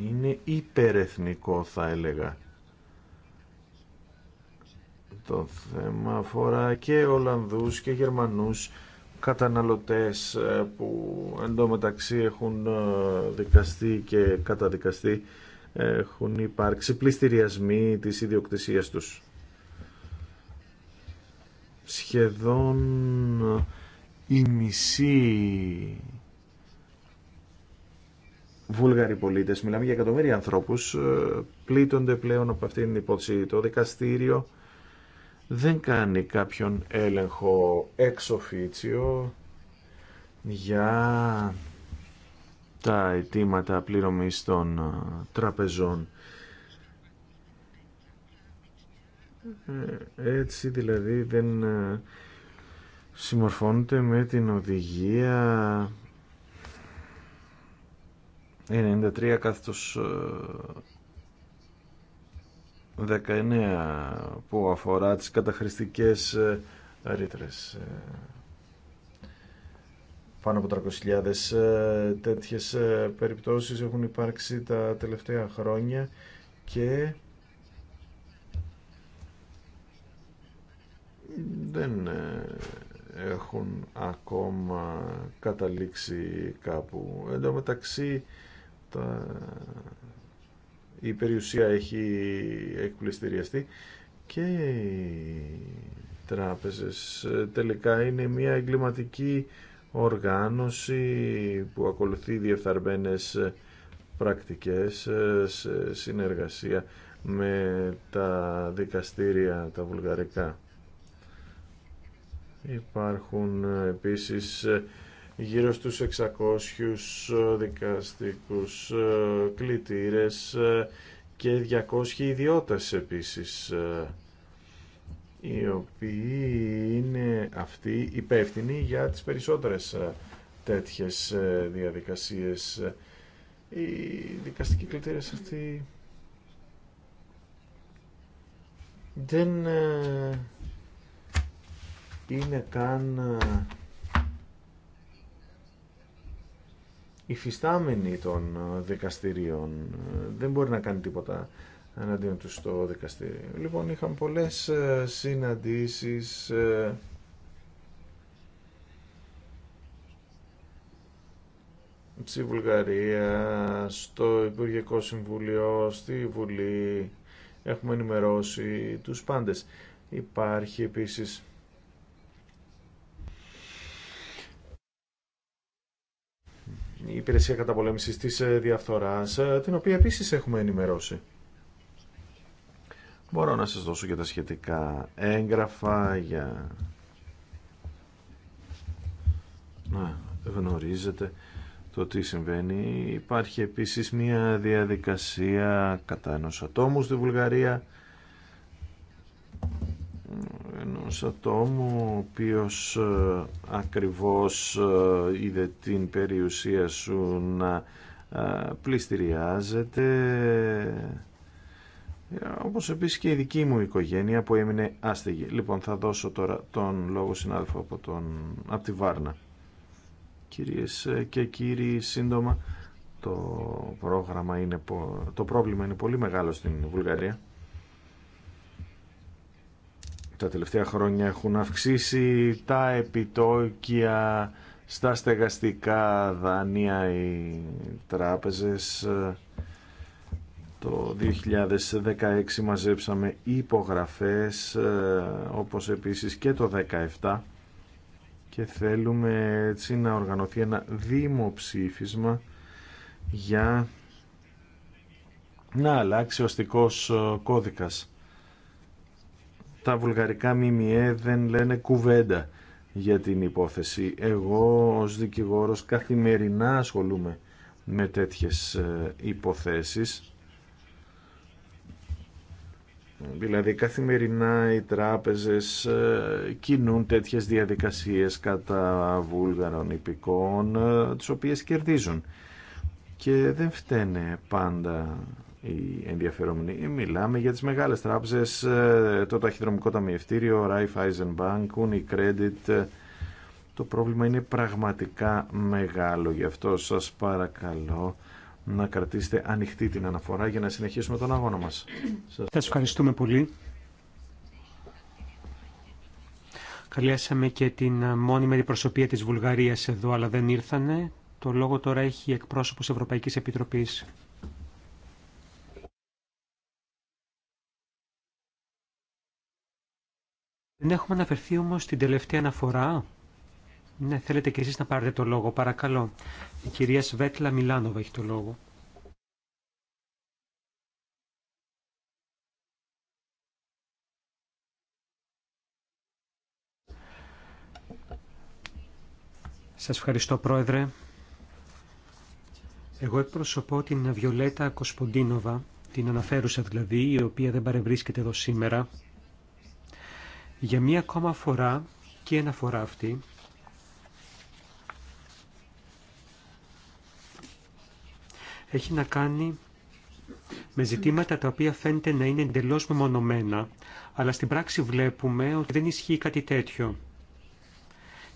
Είναι υπερεθνικό θα έλεγα. Το θέμα αφορά και Ολλανδούς και Γερμανούς καταναλωτές ε, που εντωμεταξύ έχουν ε, δικαστεί και καταδικαστεί έχουν υπάρξει πληστηριασμοί της ιδιοκτησίας τους. Σχεδόν η μισή Βούλγαροι πολίτες, μιλάμε για εκατομμύρια ανθρώπους, ε, πλήττονται πλέον από αυτήν την υπόθεση. Το δικαστήριο δεν κάνει κάποιον έλεγχο εξοφίτσιο για τα αιτήματα πληρωμής των ε, τραπεζών. Ε, έτσι δηλαδή δεν ε, συμμορφώνεται με την οδηγία 93 κάθετος 19 που αφορά τις καταχρηστικές ρήτρες πάνω από 300.000 ε, τέτοιες ε, περιπτώσεις έχουν υπάρξει τα τελευταία χρόνια και δεν ε, έχουν ακόμα καταλήξει κάπου. Εν τω μεταξύ τα... η περιουσία έχει εκπληστηριαστεί και οι τράπεζες τελικά είναι μια εγκληματική οργάνωση που ακολουθεί διεφθαρμένες πρακτικές ε, σε συνεργασία με τα δικαστήρια τα βουλγαρικά. Υπάρχουν ε, επίσης ε, γύρω στους 600 δικαστικούς κλητήρες και 200 ιδιώτες επίσης οι οποίοι είναι αυτοί υπεύθυνοι για τις περισσότερες ε, τέτοιες ε, διαδικασίες. Οι δικαστικοί κλητήρες αυτοί δεν ε, είναι καν υφιστάμενοι των δικαστηρίων. Δεν μπορεί να κάνει τίποτα εναντίον του στο δικαστήριο. Λοιπόν, είχαμε πολλές ε, συναντήσεις ε, στη Βουλγαρία, στο Υπουργικό Συμβουλίο, στη Βουλή. Έχουμε ενημερώσει τους πάντες. Υπάρχει επίσης η υπηρεσία καταπολέμησης της διαφθοράς, ε, την οποία επίσης έχουμε ενημερώσει. Μπορώ να σας δώσω και τα σχετικά έγγραφα για να γνωρίζετε το τι συμβαίνει. Υπάρχει επίσης μια διαδικασία κατά ενός ατόμου στη Βουλγαρία ενός ατόμου ο οποίος ε, ακριβώς ε, είδε την περιουσία σου να ε, πληστηριάζεται ε, όπως επίσης και η δική μου οικογένεια που έμεινε άστεγη. Λοιπόν, θα δώσω τώρα τον λόγο συνάδελφο από, τον, από τη Βάρνα. Κυρίες ε, και κύριοι, σύντομα, το, πρόγραμμα είναι, το πρόβλημα είναι πολύ μεγάλο στην Βουλγαρία. Τα τελευταία χρόνια έχουν αυξήσει τα επιτόκια στα στεγαστικά δάνεια, οι τράπεζες ε, το 2016 μαζέψαμε υπογραφές, ε, όπως επίσης και το 2017 και θέλουμε έτσι να οργανωθεί ένα δημοψήφισμα για να αλλάξει ο αστικός ε, κώδικας. Τα βουλγαρικά ΜΜΕ δεν λένε κουβέντα για την υπόθεση. Εγώ ως δικηγόρος καθημερινά ασχολούμαι με τέτοιες ε, υποθέσεις Δηλαδή καθημερινά οι τράπεζες ε, κινούν τέτοιες διαδικασίες κατά βούλγαρων υπηκών, ε, τις οποίες κερδίζουν. Και δεν φταίνε πάντα οι ενδιαφερόμενοι. Ε, μιλάμε για τις μεγάλες τράπεζες, το Ταχυδρομικό Ταμιευτήριο, Raiffeisen Bank, Unicredit. Το πρόβλημα είναι πραγματικά μεγάλο, γι' αυτό σας παρακαλώ να κρατήσετε ανοιχτή την αναφορά για να συνεχίσουμε τον αγώνα μας. Σας ευχαριστούμε πολύ. Καλέσαμε και την μόνιμη αντιπροσωπεία της Βουλγαρίας εδώ, αλλά δεν ήρθανε. Το λόγο τώρα έχει εκπρόσωπος Ευρωπαϊκής Επιτροπής. Δεν έχουμε αναφερθεί όμως την τελευταία αναφορά ναι, θέλετε και εσείς να πάρετε το λόγο, παρακαλώ. Η κυρία Σβέτλα Μιλάνοβα έχει το λόγο. Σας ευχαριστώ, Πρόεδρε. Εγώ εκπροσωπώ την Βιολέτα Κοσποντίνοβα, την αναφέρουσα δηλαδή, η οποία δεν παρευρίσκεται εδώ σήμερα. Για μία ακόμα φορά, και ένα φορά αυτή, έχει να κάνει με ζητήματα τα οποία φαίνεται να είναι εντελώς μεμονωμένα, αλλά στην πράξη βλέπουμε ότι δεν ισχύει κάτι τέτοιο.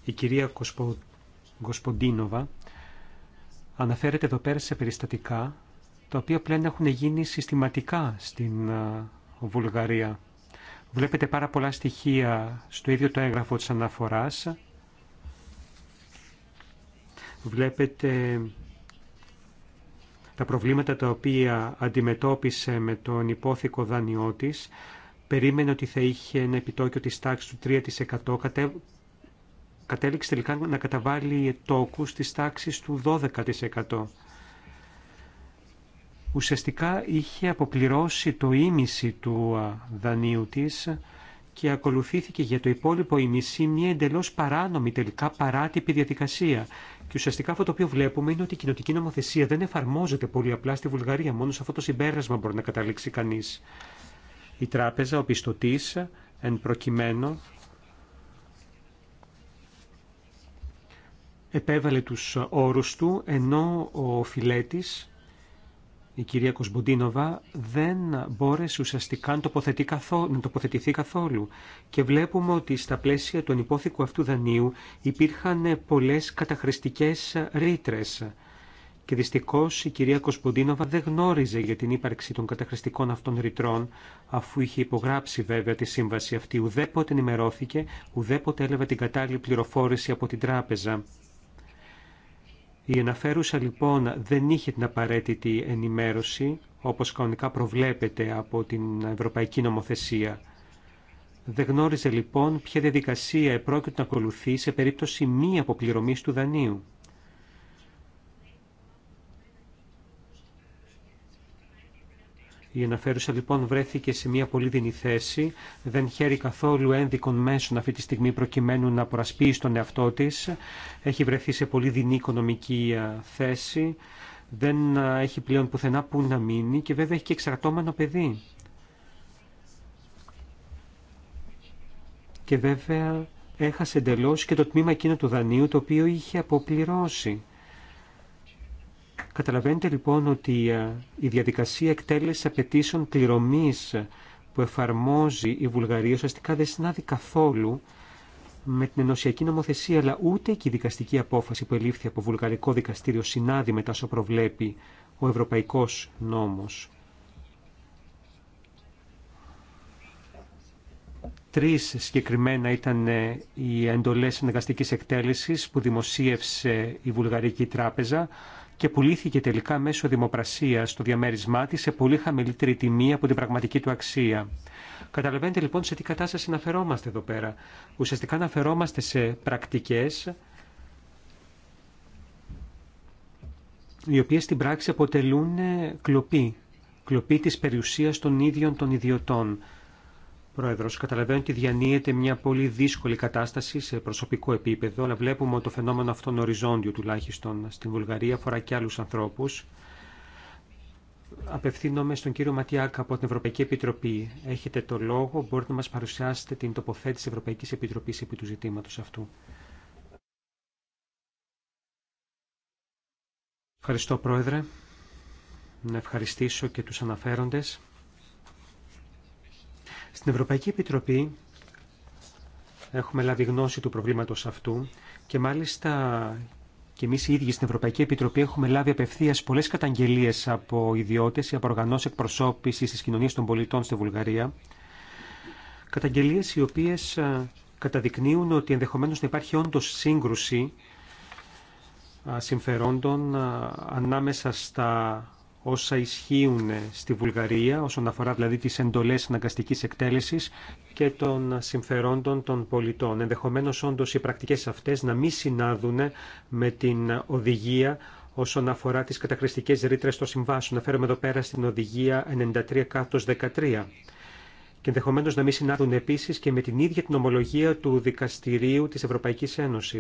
Η κυρία Κοσπο... Κοσποντίνοβα αναφέρεται εδώ πέρα σε περιστατικά τα οποία πλέον έχουν γίνει συστηματικά στην Βουλγαρία. Βλέπετε πάρα πολλά στοιχεία στο ίδιο το έγγραφο της αναφοράς. Βλέπετε τα προβλήματα τα οποία αντιμετώπισε με τον υπόθηκο δάνειό τη, περίμενε ότι θα είχε ένα επιτόκιο της τάξης του 3%, κατέληξε τελικά να καταβάλει τόκου της τάξης του 12%. Ουσιαστικά είχε αποπληρώσει το ίμιση του δανείου της, και ακολουθήθηκε για το υπόλοιπο ημισή μια εντελώς παράνομη τελικά παράτυπη διαδικασία. Και ουσιαστικά αυτό το οποίο βλέπουμε είναι ότι η κοινοτική νομοθεσία δεν εφαρμόζεται πολύ απλά στη Βουλγαρία. Μόνο σε αυτό το συμπέρασμα μπορεί να καταλήξει κανείς. Η τράπεζα, ο πιστωτή, εν προκειμένου, επέβαλε τους όρους του, ενώ ο φιλέτης η κυρία Κοσμποντίνοβα δεν μπόρεσε ουσιαστικά να, καθόλου, τοποθετηθεί καθόλου και βλέπουμε ότι στα πλαίσια του ανυπόθηκου αυτού δανείου υπήρχαν πολλές καταχρηστικές ρήτρε. Και δυστυχώ η κυρία Κοσποντίνοβα δεν γνώριζε για την ύπαρξη των καταχρηστικών αυτών ρητρών, αφού είχε υπογράψει βέβαια τη σύμβαση αυτή. Ουδέποτε ενημερώθηκε, ουδέποτε έλαβε την κατάλληλη πληροφόρηση από την τράπεζα. Η αναφέρουσα λοιπόν δεν είχε την απαραίτητη ενημέρωση, όπως κανονικά προβλέπεται από την Ευρωπαϊκή Νομοθεσία. Δεν γνώριζε λοιπόν ποια διαδικασία επρόκειτο να ακολουθεί σε περίπτωση μη αποπληρωμής του δανείου. Η αναφέρουσα λοιπόν βρέθηκε σε μια πολύ δινή θέση, δεν χαίρει καθόλου ένδικων μέσων αυτή τη στιγμή προκειμένου να προασπίσει τον εαυτό της. Έχει βρεθεί σε πολύ δινή οικονομική θέση, δεν έχει πλέον πουθενά που να μείνει και βέβαια έχει και εξαρτώμενο παιδί. Και βέβαια έχασε εντελώ και το τμήμα εκείνο του δανείου το οποίο είχε αποπληρώσει. Καταλαβαίνετε λοιπόν ότι ε, η διαδικασία εκτέλεσης απαιτήσεων πληρωμή που εφαρμόζει η Βουλγαρία ουσιαστικά δεν συνάδει καθόλου με την ενωσιακή νομοθεσία, αλλά ούτε και η δικαστική απόφαση που ελήφθη από βουλγαρικό δικαστήριο συνάδει με τα όσο προβλέπει ο ευρωπαϊκός νόμος. Τρεις συγκεκριμένα ήταν ε, οι εντολέ συνεργαστικής εκτέλεσης που δημοσίευσε η Βουλγαρική Τράπεζα και πουλήθηκε τελικά μέσω δημοπρασία στο διαμέρισμά τη σε πολύ χαμηλότερη τιμή από την πραγματική του αξία. Καταλαβαίνετε λοιπόν σε τι κατάσταση αναφερόμαστε εδώ πέρα. Ουσιαστικά αναφερόμαστε σε πρακτικές οι οποίες στην πράξη αποτελούν κλοπή. Κλοπή της περιουσίας των ίδιων των ιδιωτών. Πρόεδρο. καταλαβαίνω ότι διανύεται μια πολύ δύσκολη κατάσταση σε προσωπικό επίπεδο, αλλά βλέπουμε ότι το φαινόμενο αυτόν οριζόντιο τουλάχιστον στην Βουλγαρία αφορά και άλλου ανθρώπους. Απευθύνομαι στον κύριο Ματιάκα από την Ευρωπαϊκή Επιτροπή. Έχετε το λόγο, μπορείτε να μας παρουσιάσετε την τοποθέτηση Ευρωπαϊκή Επιτροπή επί του ζητήματο αυτού. Ευχαριστώ Πρόεδρε. Να ευχαριστήσω και τους αναφέροντες. Στην Ευρωπαϊκή Επιτροπή έχουμε λάβει γνώση του προβλήματος αυτού και μάλιστα και εμεί οι ίδιοι στην Ευρωπαϊκή Επιτροπή έχουμε λάβει απευθεία πολλέ καταγγελίε από ιδιώτες ή από οργανώσει εκπροσώπηση τη κοινωνία των πολιτών στη Βουλγαρία. Καταγγελίε οι οποίε ε, καταδεικνύουν ότι ενδεχομένω να υπάρχει όντω σύγκρουση ε, συμφερόντων ε, ανάμεσα στα όσα ισχύουν στη Βουλγαρία όσον αφορά δηλαδή τις εντολές αναγκαστικής εκτέλεσης και των συμφερόντων των πολιτών. Ενδεχομένως όντως οι πρακτικές αυτές να μην συνάδουν με την οδηγία όσον αφορά τις κατακριστικές ρήτρες των συμβάσεων. Να φέρουμε εδώ πέρα στην οδηγία 93 13 και ενδεχομένω να μην συνάδουν επίση και με την ίδια την ομολογία του Δικαστηρίου τη Ευρωπαϊκή Ένωση.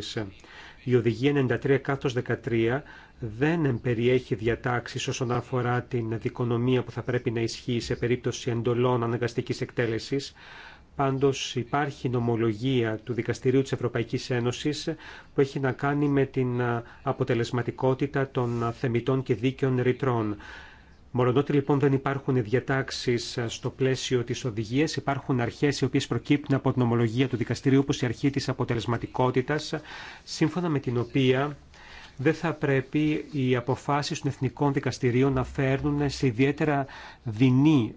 Η Οδηγία 93-13 δεν περιέχει διατάξεις όσον αφορά την δικονομία που θα πρέπει να ισχύει σε περίπτωση εντολών αναγκαστικής εκτέλεσης. Πάντως υπάρχει νομολογία του Δικαστηρίου της Ευρωπαϊκής Ένωσης που έχει να κάνει με την αποτελεσματικότητα των θεμητών και δίκαιων ρητρών. Μολονότι λοιπόν δεν υπάρχουν διατάξει στο πλαίσιο τη οδηγία, υπάρχουν αρχέ οι οποίε προκύπτουν από την ομολογία του δικαστηρίου, όπω η αρχή τη αποτελεσματικότητα, σύμφωνα με την οποία δεν θα πρέπει οι αποφάσεις των εθνικών δικαστηρίων να φέρνουν σε ιδιαίτερα δεινή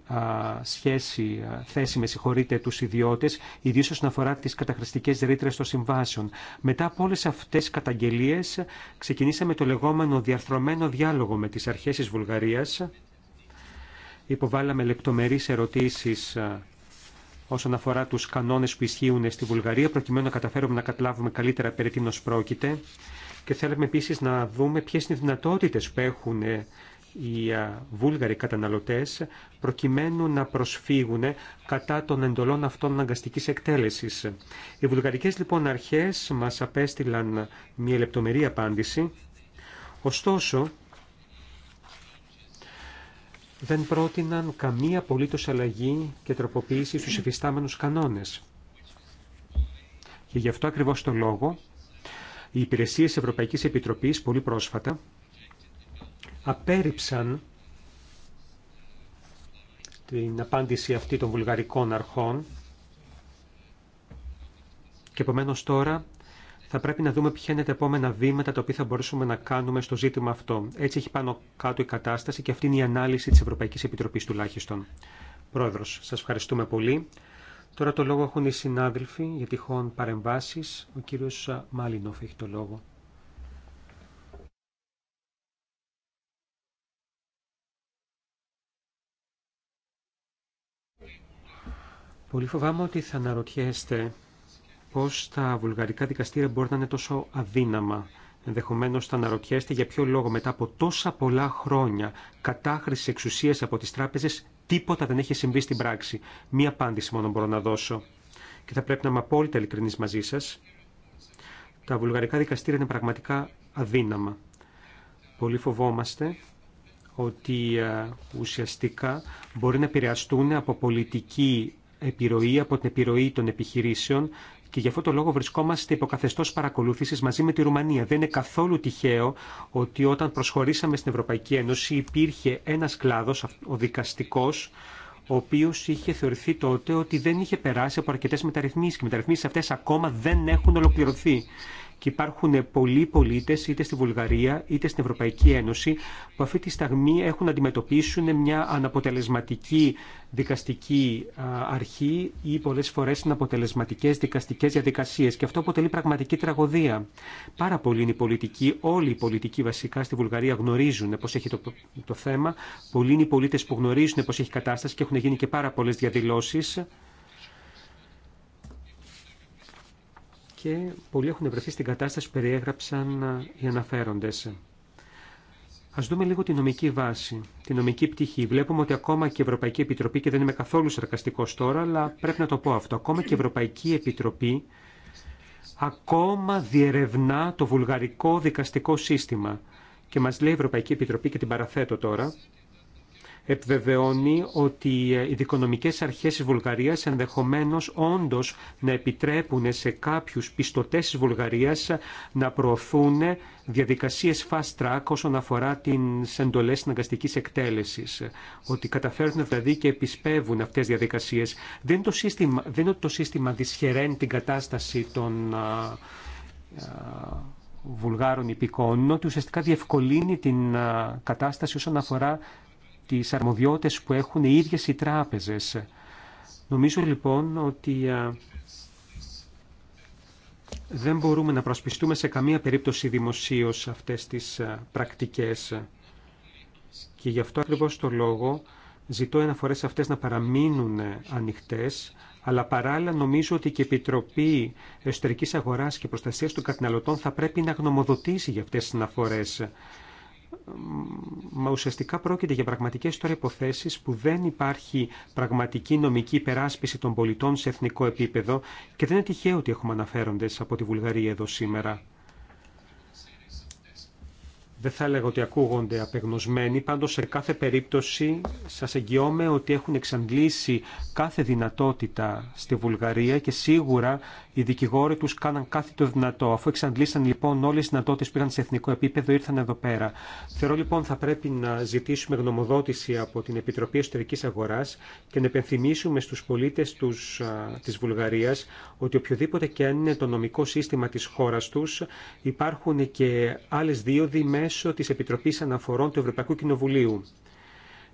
σχέση, θέση με συγχωρείτε, τους ιδιώτες, ιδίως όσον αφορά τις καταχρηστικές ρήτρες των συμβάσεων. Μετά από όλες αυτές τις καταγγελίες ξεκινήσαμε το λεγόμενο διαρθρωμένο διάλογο με τις αρχές της Βουλγαρίας. Υποβάλαμε λεπτομερείς ερωτήσεις όσον αφορά τους κανόνες που ισχύουν στη Βουλγαρία, προκειμένου να καταφέρουμε να καταλάβουμε καλύτερα περί τίνος πρόκειται και θέλαμε επίσης να δούμε ποιες είναι οι δυνατότητες που έχουν ε, οι βούλγαροι καταναλωτές προκειμένου να προσφύγουν κατά των εντολών αυτών αναγκαστικής εκτέλεσης. Οι βουλγαρικές λοιπόν αρχές μας απέστειλαν μια λεπτομερή απάντηση. Ωστόσο, δεν πρότειναν καμία απολύτως αλλαγή και τροποποίηση στους υφιστάμενους κανόνες. Και γι' αυτό ακριβώς το λόγο οι υπηρεσίες Ευρωπαϊκής Επιτροπής πολύ πρόσφατα απέρριψαν την απάντηση αυτή των βουλγαρικών αρχών και επομένως τώρα θα πρέπει να δούμε ποια είναι τα επόμενα βήματα τα οποία θα μπορούσαμε να κάνουμε στο ζήτημα αυτό. Έτσι έχει πάνω κάτω η κατάσταση και αυτή είναι η ανάλυση της Ευρωπαϊκής Επιτροπής τουλάχιστον. Πρόεδρος, σας ευχαριστούμε πολύ. Τώρα το λόγο έχουν οι συνάδελφοι για τυχόν παρεμβάσεις. Ο κύριος Μάλινοφ έχει το λόγο. Πολύ φοβάμαι ότι θα αναρωτιέστε πώς τα βουλγαρικά δικαστήρια μπορεί να είναι τόσο αδύναμα. Ενδεχομένω θα αναρωτιέστε για ποιο λόγο μετά από τόσα πολλά χρόνια κατάχρηση εξουσία από τι τράπεζε Τίποτα δεν έχει συμβεί στην πράξη. Μία απάντηση μόνο μπορώ να δώσω. Και θα πρέπει να είμαι απόλυτα ειλικρινή μαζί σα. Τα βουλγαρικά δικαστήρια είναι πραγματικά αδύναμα. Πολύ φοβόμαστε ότι ε, ουσιαστικά μπορεί να επηρεαστούν από πολιτική επιρροή, από την επιρροή των επιχειρήσεων και γι' αυτό το λόγο βρισκόμαστε υποκαθεστώς παρακολούθησης μαζί με τη Ρουμανία. Δεν είναι καθόλου τυχαίο ότι όταν προσχωρήσαμε στην Ευρωπαϊκή Ένωση υπήρχε ένας κλάδος, ο δικαστικό, ο οποίο είχε θεωρηθεί τότε ότι δεν είχε περάσει από αρκετέ μεταρρυθμίσει και μεταρρυθμίσει αυτέ ακόμα δεν έχουν ολοκληρωθεί και υπάρχουν πολλοί πολίτε, είτε στη Βουλγαρία είτε στην Ευρωπαϊκή Ένωση, που αυτή τη στιγμή έχουν να αντιμετωπίσουν μια αναποτελεσματική δικαστική αρχή ή πολλέ φορέ αναποτελεσματικέ δικαστικέ διαδικασίε. Και αυτό αποτελεί πραγματική τραγωδία. Πάρα πολλοί είναι οι πολιτικοί, όλοι οι πολιτικοί βασικά στη Βουλγαρία γνωρίζουν πώ έχει το, το θέμα. Πολλοί είναι οι πολίτε που γνωρίζουν πώ έχει κατάσταση και έχουν γίνει και πάρα πολλέ διαδηλώσει. και πολλοί έχουν βρεθεί στην κατάσταση που περιέγραψαν ε, οι αναφέροντε. Α δούμε λίγο τη νομική βάση, τη νομική πτυχή. Βλέπουμε ότι ακόμα και η Ευρωπαϊκή Επιτροπή, και δεν είμαι καθόλου σαρκαστικό τώρα, αλλά πρέπει να το πω αυτό, ακόμα και η Ευρωπαϊκή Επιτροπή ακόμα διερευνά το βουλγαρικό δικαστικό σύστημα. Και μα λέει η Ευρωπαϊκή Επιτροπή, και την παραθέτω τώρα, επιβεβαιώνει ότι οι δικονομικές αρχές της Βουλγαρίας ενδεχομένως όντως να επιτρέπουν σε κάποιους πιστωτές της Βουλγαρίας να προωθούν διαδικασίες fast track όσον αφορά τις εντολές συναγκαστικής εκτέλεση. Ότι καταφέρνουν δηλαδή και επισπεύουν αυτέ τι διαδικασίε. Δεν είναι, το σύστημα, το σύστημα δυσχεραίνει την κατάσταση των Βουλγάρων υπηκών, ότι ουσιαστικά διευκολύνει την κατάσταση όσον αφορά τις αρμοδιότητες που έχουν οι ίδιες οι τράπεζες. Νομίζω λοιπόν ότι δεν μπορούμε να προσπιστούμε σε καμία περίπτωση δημοσίως αυτές τις πρακτικές. Και γι' αυτό ακριβώς το λόγο ζητώ αναφορές αυτές να παραμείνουν ε, ανοιχτές, αλλά παράλληλα νομίζω ότι και η Επιτροπή Εσωτερικής Αγοράς και Προστασίας των Καταναλωτών θα πρέπει να γνωμοδοτήσει για αυτές τις αναφορές. Μα ουσιαστικά πρόκειται για πραγματικέ τώρα υποθέσει που δεν υπάρχει πραγματική νομική υπεράσπιση των πολιτών σε εθνικό επίπεδο και δεν είναι τυχαίο ότι έχουμε αναφέροντε από τη Βουλγαρία εδώ σήμερα. Δεν θα έλεγα ότι ακούγονται απεγνωσμένοι, πάντως σε κάθε περίπτωση σας εγγυώμαι ότι έχουν εξαντλήσει κάθε δυνατότητα στη Βουλγαρία και σίγουρα οι δικηγόροι του κάναν κάτι το δυνατό. Αφού εξαντλήσαν λοιπόν όλε τι δυνατότητε που είχαν σε εθνικό επίπεδο, ήρθαν εδώ πέρα. Θεωρώ λοιπόν θα πρέπει να ζητήσουμε γνωμοδότηση από την Επιτροπή Εσωτερική Αγορά και να επενθυμίσουμε στου πολίτε τη Βουλγαρία ότι οποιοδήποτε και αν είναι το νομικό σύστημα τη χώρα του, υπάρχουν και άλλε δίωδοι μέσω τη Επιτροπή Αναφορών του Ευρωπαϊκού Κοινοβουλίου.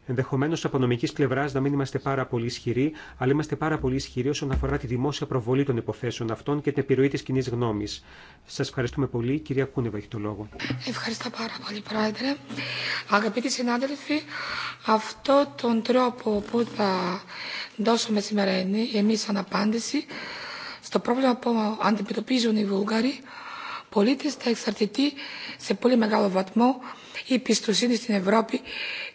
Ενδεχομένω από νομική πλευρά να μην είμαστε πάρα πολύ ισχυροί, αλλά είμαστε πάρα πολύ ισχυροί όσον αφορά τη δημόσια προβολή των υποθέσεων αυτών και την επιρροή τη κοινή γνώμη. Σα ευχαριστούμε πολύ. Κυρία Κούνεβα, έχει το λόγο. Ευχαριστώ πάρα πολύ, Πρόεδρε. Αγαπητοί συνάδελφοι, αυτό τον τρόπο που θα δώσουμε σήμερα εμεί σαν απάντηση στο πρόβλημα που αντιμετωπίζουν οι Βούλγαροι πολίτε θα εξαρτηθεί σε πολύ μεγάλο βαθμό η πιστοσύνη στην Ευρώπη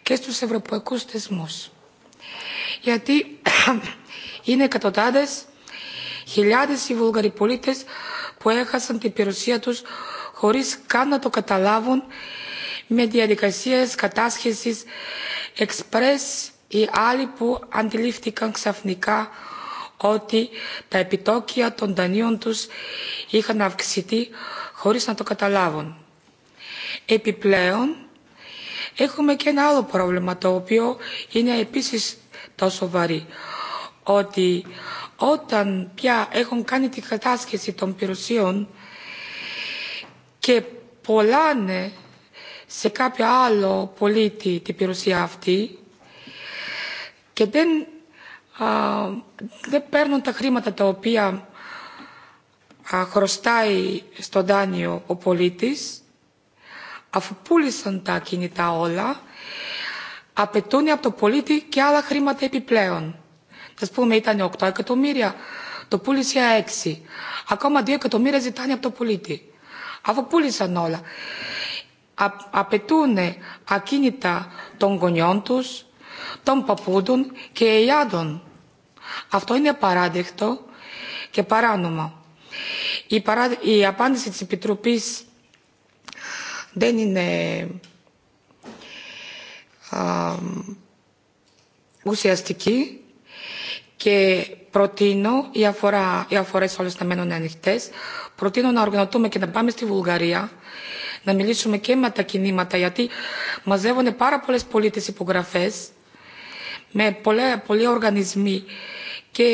και στους ευρωπαϊκούς θεσμούς. Γιατί είναι εκατοντάδες, χιλιάδες οι Βουλγαροί πολίτες που έχασαν την περιουσία τους χωρίς καν να το καταλάβουν με διαδικασίες κατάσχεσης εξπρές ή άλλοι που αντιλήφθηκαν ξαφνικά ότι τα επιτόκια των δανείων τους είχαν αυξηθεί χωρίς να το καταλάβουν. Επιπλέον, Έχουμε και ένα άλλο πρόβλημα το οποίο είναι επίσης τόσο βαρύ. Ότι όταν πια έχουν κάνει την κατάσχεση των πυρουσίων και πολλάνε σε κάποιο άλλο πολίτη την πυρουσία αυτή και δεν, δεν παίρνουν τα χρήματα τα οποία α, χρωστάει στο δάνειο ο πολίτης αφού πούλησαν τα ακινητά όλα, απαιτούν από το πολίτη και άλλα χρήματα επιπλέον. Α πούμε ήταν 8 εκατομμύρια, το πούλησε 6. Ακόμα 2 εκατομμύρια ζητάνε από το πολίτη. Αφού πούλησαν όλα. Α, απαιτούν ακίνητα των γονιών τους, των παππούδων και ελιάδων. Αυτό είναι παράδεκτο και παράνομο. Η, η απάντηση της Επιτροπής δεν είναι ουσιαστική και προτείνω, η αφορά, οι αφορές όλες να μένουν ανοιχτές, προτείνω να οργανωτούμε και να πάμε στη Βουλγαρία, να μιλήσουμε και με τα κινήματα, γιατί μαζεύουν πάρα πολλές πολίτες υπογραφές, με πολλοί οργανισμοί και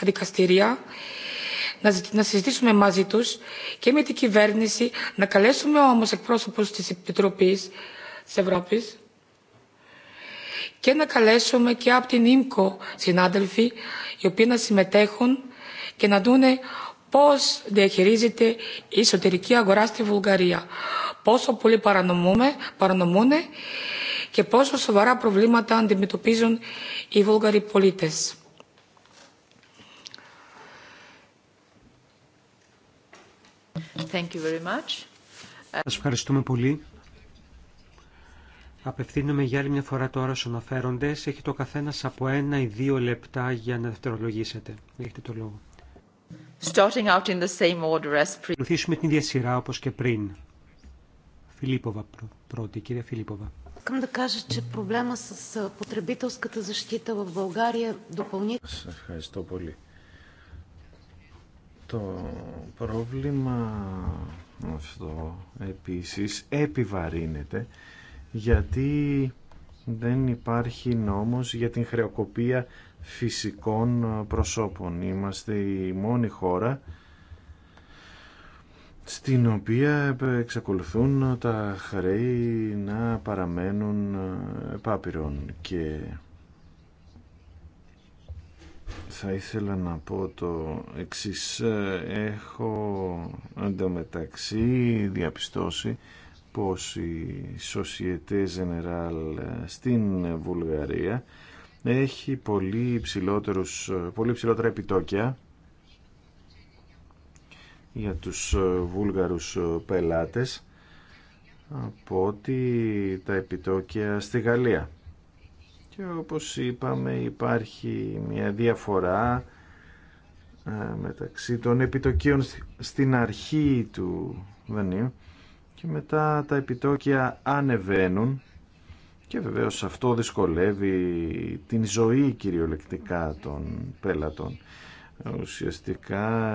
δικαστήρια να συζητήσουμε μαζί τους και με την κυβέρνηση, να καλέσουμε όμως εκπρόσωπους της Επιτροπής της Ευρώπης και να καλέσουμε και από την ΙΜΚΟ συνάδελφοι οι οποίοι να συμμετέχουν και να δούνε πώς διαχειρίζεται η εσωτερική αγορά στη Βουλγαρία, πόσο πολύ παρανομούν και πόσο σοβαρά προβλήματα αντιμετωπίζουν οι Βουλγαροί πολίτες. Σας ευχαριστούμε πολύ. Απευθύνομαι για άλλη μια φορά τώρα στους αναφέροντες. Έχει το καθένας από ένα ή δύο λεπτά για να δευτερολογήσετε. Έχετε το λόγο. Starting out in the same order as Ακολουθήσουμε την ίδια σειρά όπως και πριν. Φιλίποβα πρώτη, κυρία Φιλίποβα. Искам да кажа, че проблема с потребителската защита в България допълнително. Ευχαριστώ πολύ. Το πρόβλημα αυτό επίσης επιβαρύνεται γιατί δεν υπάρχει νόμος για την χρεοκοπία φυσικών προσώπων. Είμαστε η μόνη χώρα στην οποία εξακολουθούν τα χρέη να παραμένουν επάπειρον και θα ήθελα να πω το εξής. Έχω εντωμεταξύ διαπιστώσει πως η Societe General στην Βουλγαρία έχει πολύ, υψηλότερους, πολύ ψηλότερα επιτόκια για τους βούλγαρους πελάτες από ότι τα επιτόκια στη Γαλλία και όπως είπαμε υπάρχει μια διαφορά ε, μεταξύ των επιτοκίων στην αρχή του δανείου και μετά τα επιτόκια ανεβαίνουν και βεβαίως αυτό δυσκολεύει την ζωή κυριολεκτικά των πέλατων. Ουσιαστικά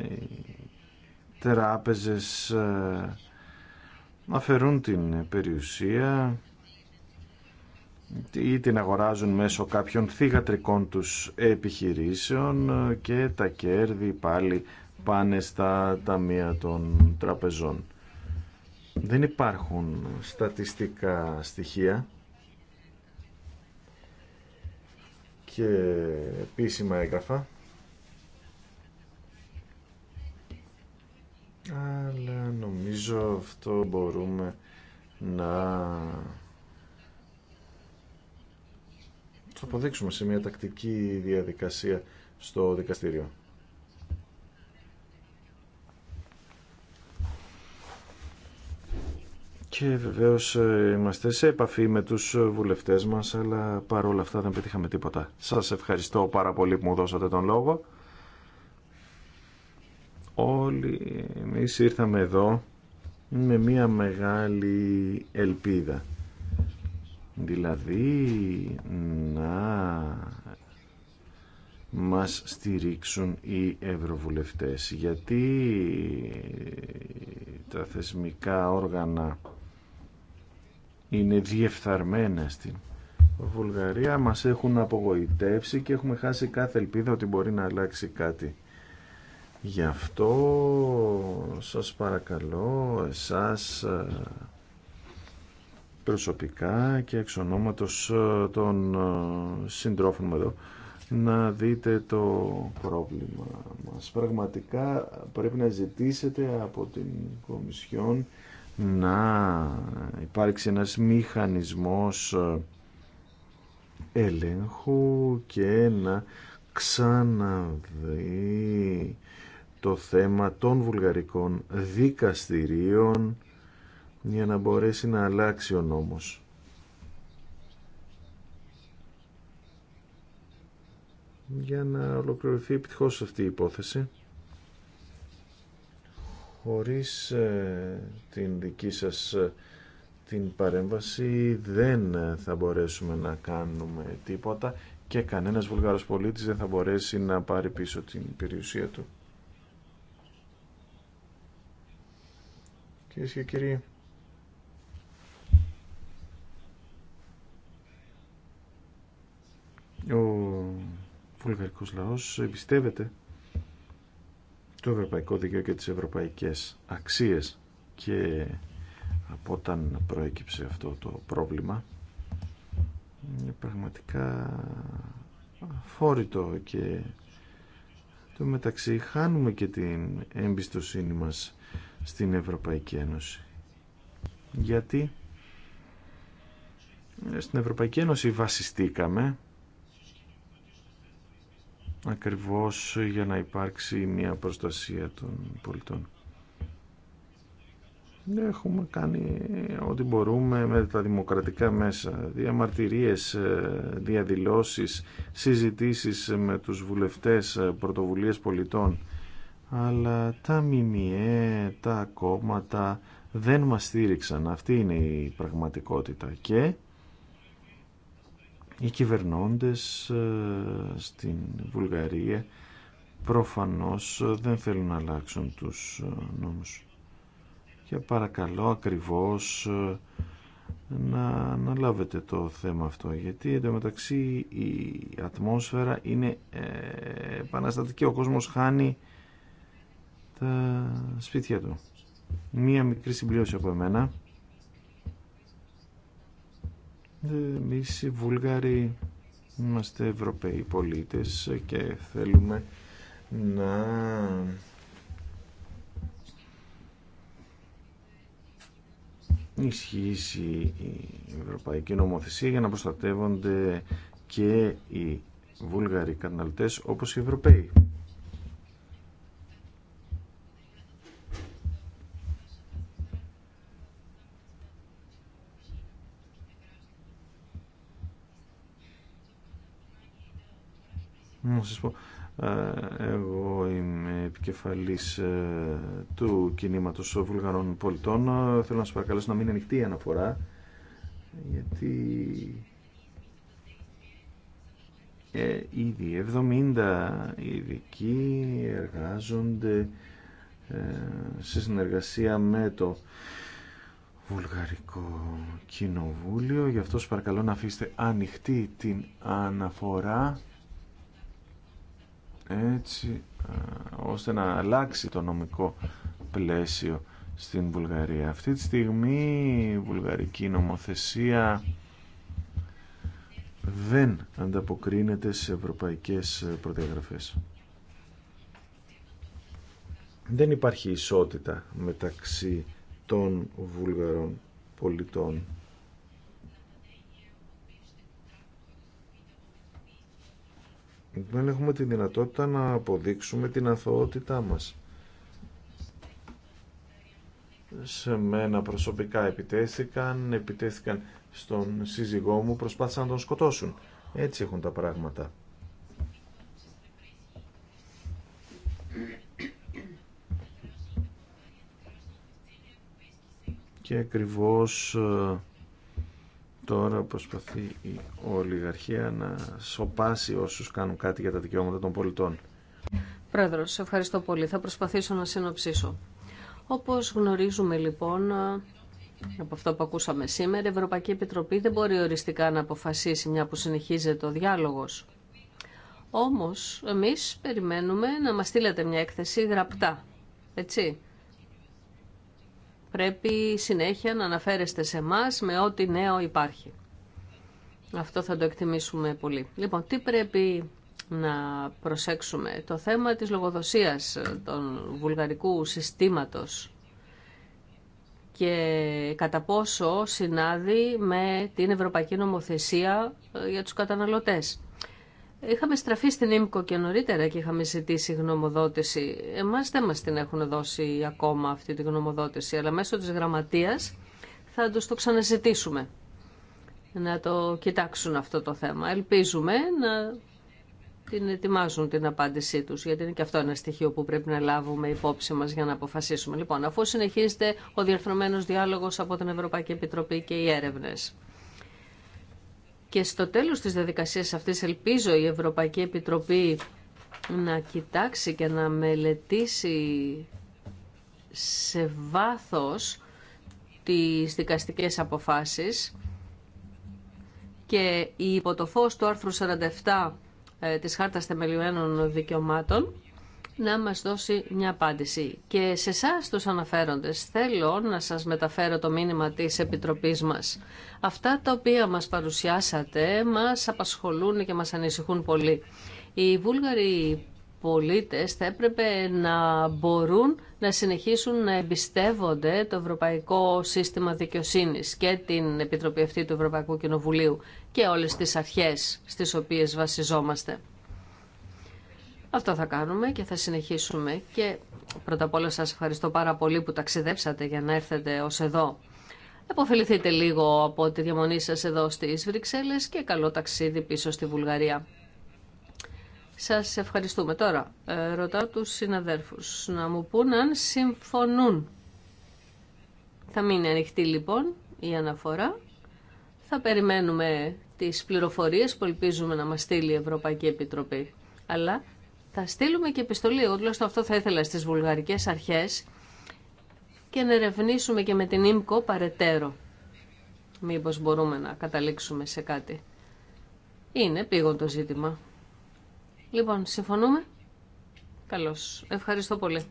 οι τράπεζες ε, αφαιρούν την περιουσία ή την αγοράζουν μέσω κάποιων θηγατρικών τους επιχειρήσεων και τα κέρδη πάλι πάνε στα ταμεία των τραπεζών. Δεν υπάρχουν στατιστικά στοιχεία και επίσημα έγγραφα αλλά νομίζω αυτό μπορούμε να το αποδείξουμε σε μια τακτική διαδικασία στο δικαστήριο. Και βεβαίως ε, είμαστε σε επαφή με τους βουλευτές μας, αλλά παρόλα αυτά δεν πετύχαμε τίποτα. Σας ευχαριστώ πάρα πολύ που μου δώσατε τον λόγο. Όλοι εμείς ήρθαμε εδώ με μια μεγάλη ελπίδα δηλαδή να μας στηρίξουν οι ευρωβουλευτές γιατί τα θεσμικά όργανα είναι διεφθαρμένα στην Βουλγαρία μας έχουν απογοητεύσει και έχουμε χάσει κάθε ελπίδα ότι μπορεί να αλλάξει κάτι γι' αυτό σας παρακαλώ εσάς προσωπικά και εξ ονόματος ε, των ε, συντρόφων μου εδώ να δείτε το πρόβλημα μας. Πραγματικά πρέπει να ζητήσετε από την Κομισιόν να υπάρξει ένας μηχανισμός ε, ελέγχου και να ξαναδεί το θέμα των βουλγαρικών δικαστηρίων για να μπορέσει να αλλάξει ο νόμος. για να ολοκληρωθεί επιτυχώς αυτή η υπόθεση χωρίς ε, την δική σας ε, την παρέμβαση δεν θα μπορέσουμε να κάνουμε τίποτα και κανένας βουλγαρος πολίτης δεν θα μπορέσει να πάρει πίσω την περιουσία του. Κυρίες και κύριοι, ο ευρωπαϊκό λαός εμπιστεύεται το ευρωπαϊκό δίκαιο και τις ευρωπαϊκές αξίες και από όταν προέκυψε αυτό το πρόβλημα είναι πραγματικά φόρητο και το μεταξύ χάνουμε και την εμπιστοσύνη μας στην Ευρωπαϊκή Ένωση γιατί στην Ευρωπαϊκή Ένωση βασιστήκαμε ακριβώς για να υπάρξει μια προστασία των πολιτών. Έχουμε κάνει ό,τι μπορούμε με τα δημοκρατικά μέσα, διαμαρτυρίες, διαδηλώσεις, συζητήσεις με τους βουλευτές πρωτοβουλίες πολιτών. Αλλά τα ΜΜΕ, τα κόμματα δεν μας στήριξαν. Αυτή είναι η πραγματικότητα. Και οι κυβερνώντες ε, στην Βουλγαρία προφανώς δεν θέλουν να αλλάξουν τους ε, νόμους. Και παρακαλώ ακριβώς ε, να λάβετε το θέμα αυτό γιατί εντωμεταξύ η ατμόσφαιρα είναι επαναστατική. Ο κόσμος χάνει τα σπίτια του. Μία μικρή συμπλήρωση από εμένα. Εμεί οι Βούλγαροι είμαστε Ευρωπαίοι πολίτες και θέλουμε να ισχύσει η Ευρωπαϊκή Νομοθεσία για να προστατεύονται και οι Βούλγαροι καταναλωτές όπως οι Ευρωπαίοι. Να σας πω, εγώ είμαι επικεφαλής ε, του κινήματος βουλγαρών πολιτών. Θέλω να σας παρακαλώ να μην ανοιχτή η αναφορά, γιατί ε, ήδη 70 ειδικοί εργάζονται ε, σε συνεργασία με το Βουλγαρικό Κοινοβούλιο. Γι' αυτό σας παρακαλώ να αφήσετε ανοιχτή την αναφορά έτσι ε, ώστε να αλλάξει το νομικό πλαίσιο στην Βουλγαρία. Αυτή τη στιγμή η βουλγαρική νομοθεσία δεν ανταποκρίνεται σε ευρωπαϊκές προδιαγραφές. Δεν υπάρχει ισότητα μεταξύ των βουλγαρών πολιτών. δεν έχουμε τη δυνατότητα να αποδείξουμε την αθωότητά μας. Σε μένα προσωπικά επιτέθηκαν, επιτέθηκαν στον σύζυγό μου, προσπάθησαν να τον σκοτώσουν. Έτσι έχουν τα πράγματα. Και ακριβώς ε, τώρα προσπαθεί η ολιγαρχία να σοπάσει όσους κάνουν κάτι για τα δικαιώματα των πολιτών. Πρόεδρο, σε ευχαριστώ πολύ. Θα προσπαθήσω να συνοψίσω. Όπως γνωρίζουμε λοιπόν από αυτό που ακούσαμε σήμερα, η Ευρωπαϊκή Επιτροπή δεν μπορεί οριστικά να αποφασίσει μια που συνεχίζεται ο διάλογος. Όμως, εμείς περιμένουμε να μας στείλετε μια έκθεση γραπτά, έτσι, πρέπει συνέχεια να αναφέρεστε σε εμά με ό,τι νέο υπάρχει. Αυτό θα το εκτιμήσουμε πολύ. Λοιπόν, τι πρέπει να προσέξουμε. Το θέμα της λογοδοσίας των βουλγαρικού συστήματος και κατά πόσο συνάδει με την Ευρωπαϊκή Νομοθεσία ε, για τους καταναλωτές. Είχαμε στραφεί στην ΕΜΚΟ και νωρίτερα και είχαμε ζητήσει γνωμοδότηση. Εμάς δεν μα την έχουν δώσει ακόμα αυτή τη γνωμοδότηση, αλλά μέσω τη γραμματεία θα του το ξαναζητήσουμε να το κοιτάξουν αυτό το θέμα. Ελπίζουμε να την ετοιμάζουν την απάντησή τους, γιατί είναι και αυτό ένα στοιχείο που πρέπει να λάβουμε υπόψη μας για να αποφασίσουμε. Λοιπόν, αφού συνεχίζεται ο διαρθρωμένος διάλογος από την Ευρωπαϊκή Επιτροπή και οι έρευνες. Και στο τέλος της διαδικασίας αυτής ελπίζω η Ευρωπαϊκή Επιτροπή να κοιτάξει και να μελετήσει σε βάθος τις δικαστικές αποφάσεις και υπό το φως του άρθρου 47 ε, της Χάρτας Θεμελιωμένων Δικαιωμάτων να μας δώσει μια απάντηση. Και σε εσά τους αναφέροντες θέλω να σας μεταφέρω το μήνυμα της Επιτροπής μας. Αυτά τα οποία μας παρουσιάσατε μας απασχολούν και μας ανησυχούν πολύ. Οι Βούλγαροι πολίτες θα έπρεπε να μπορούν να συνεχίσουν να εμπιστεύονται το Ευρωπαϊκό Σύστημα Δικαιοσύνης και την Επιτροπή αυτή του Ευρωπαϊκού Κοινοβουλίου και όλες τις αρχές στις οποίες βασιζόμαστε. Αυτό θα κάνουμε και θα συνεχίσουμε. Και πρώτα απ' όλα σας ευχαριστώ πάρα πολύ που ταξιδέψατε για να έρθετε ως εδώ. Εποφεληθείτε λίγο από τη διαμονή σας εδώ στις Βρυξέλλες και καλό ταξίδι πίσω στη Βουλγαρία. Σας ευχαριστούμε. Τώρα ε, ρωτάω τους συναδέρφους να μου πούν αν συμφωνούν. Θα μείνει ανοιχτή λοιπόν η αναφορά. Θα περιμένουμε τις πληροφορίες που ελπίζουμε να μας στείλει η Ευρωπαϊκή Επιτροπή. Αλλά θα στείλουμε και επιστολή, εγώ τουλάχιστον αυτό θα ήθελα στις βουλγαρικές αρχές και να ερευνήσουμε και με την ΙΜΚΟ παρετέρω. Μήπως μπορούμε να καταλήξουμε σε κάτι. Είναι πήγον το ζήτημα. Λοιπόν, συμφωνούμε. Καλώς. Ευχαριστώ πολύ.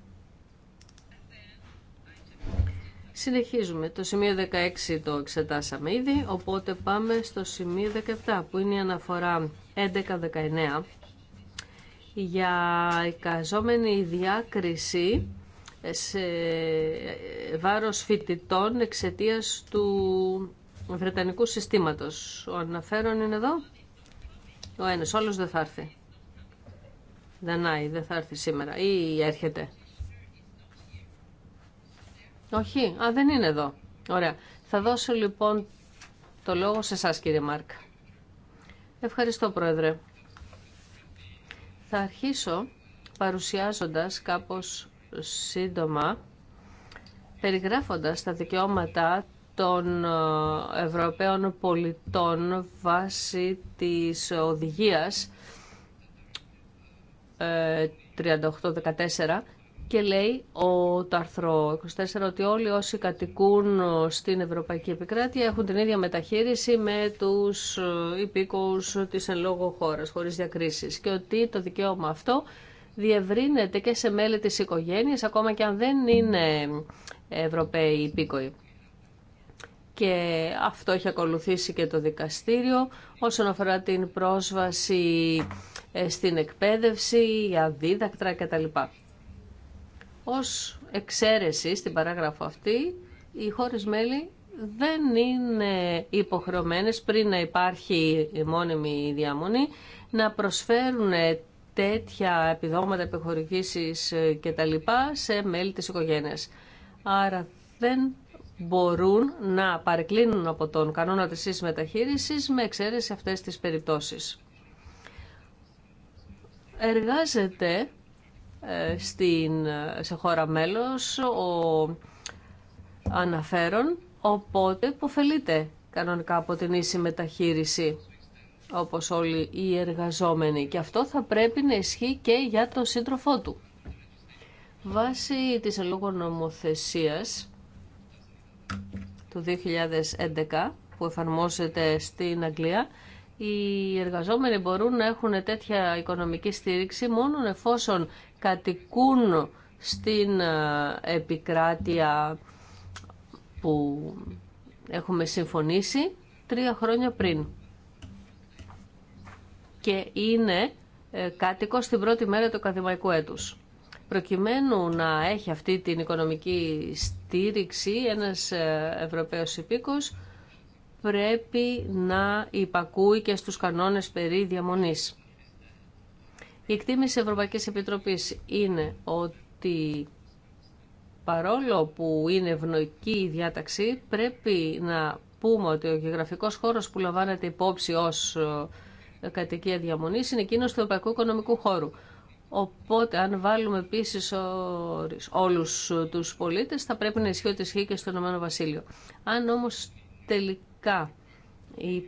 Συνεχίζουμε. Το σημείο 16 το εξετάσαμε ήδη, οπότε πάμε στο σημείο 17 που είναι η αναφορά 11-19 για εικαζόμενη διάκριση σε βάρος φοιτητών εξαιτίας του Βρετανικού συστήματος. Ο αναφέρον είναι εδώ. Ο ένας, όλος δεν θα έρθει. Δανάη, δεν θα έρθει σήμερα ή έρχεται. Όχι, α, δεν είναι εδώ. Ωραία. Θα δώσω λοιπόν το λόγο σε εσά, κύριε Μάρκ. Ευχαριστώ, Πρόεδρε. Θα αρχίσω παρουσιάζοντας κάπως σύντομα, περιγράφοντας τα δικαιώματα των ε, Ευρωπαίων πολιτών βάσει της οδηγίας 3814 ε, και λέει ο, το άρθρο 24 ότι όλοι όσοι κατοικούν ε, στην Ευρωπαϊκή Επικράτεια έχουν την ίδια μεταχείριση με τους ε, υπήκους της εν λόγω χώρας, χωρίς διακρίσεις και ότι το δικαίωμα αυτό διευρύνεται και σε μέλη της οικογένειας ακόμα και αν δεν είναι Ευρωπαίοι υπήκοοι. Και αυτό έχει ακολουθήσει και το δικαστήριο όσον αφορά την πρόσβαση ε, στην εκπαίδευση, για δίδακτρα κτλ. Ως εξαίρεση στην παράγραφο αυτή, οι χώρες μέλη δεν είναι υποχρεωμένες πριν να υπάρχει μόνιμη διαμονή να προσφέρουν τέτοια επιδόματα επιχορηγήσεις και τα λοιπά σε μέλη της οικογένειας. Άρα δεν μπορούν να παρεκκλίνουν από τον κανόνα της ίσης με εξαίρεση αυτές τις περιπτώσεις. Εργάζεται ε, στην, σε χώρα μέλος ο αναφέρον, οπότε υποφελείται κανονικά από την ίση μεταχείριση όπως όλοι οι εργαζόμενοι και αυτό θα πρέπει να ισχύει και για τον σύντροφό του. Βάσει της λόγω νομοθεσίας του 2011 που εφαρμόζεται στην Αγγλία, οι εργαζόμενοι μπορούν να έχουν τέτοια οικονομική στήριξη μόνο εφόσον κατοικούν στην ε, επικράτεια που έχουμε συμφωνήσει τρία χρόνια πριν. Και είναι ε, κάτοικο στην πρώτη μέρα του ακαδημαϊκού έτους. Προκειμένου να έχει αυτή την οικονομική στήριξη ένας ε, Ευρωπαίος υπήκος πρέπει να υπακούει και στους κανόνες περί διαμονής. Η εκτίμηση Ευρωπαϊκής Επιτροπής είναι ότι παρόλο που είναι ευνοϊκή η διάταξη, πρέπει να πούμε ότι ο γεωγραφικός χώρος που λαμβάνεται υπόψη ως ε, κατοικία διαμονής είναι εκείνος του Ευρωπαϊκού Οικονομικού Χώρου. Οπότε, αν βάλουμε επίση όλου του πολίτε, θα πρέπει να ισχύει ότι ισχύει και στο Ηνωμένο Βασίλειο. Αν όμω τελικά η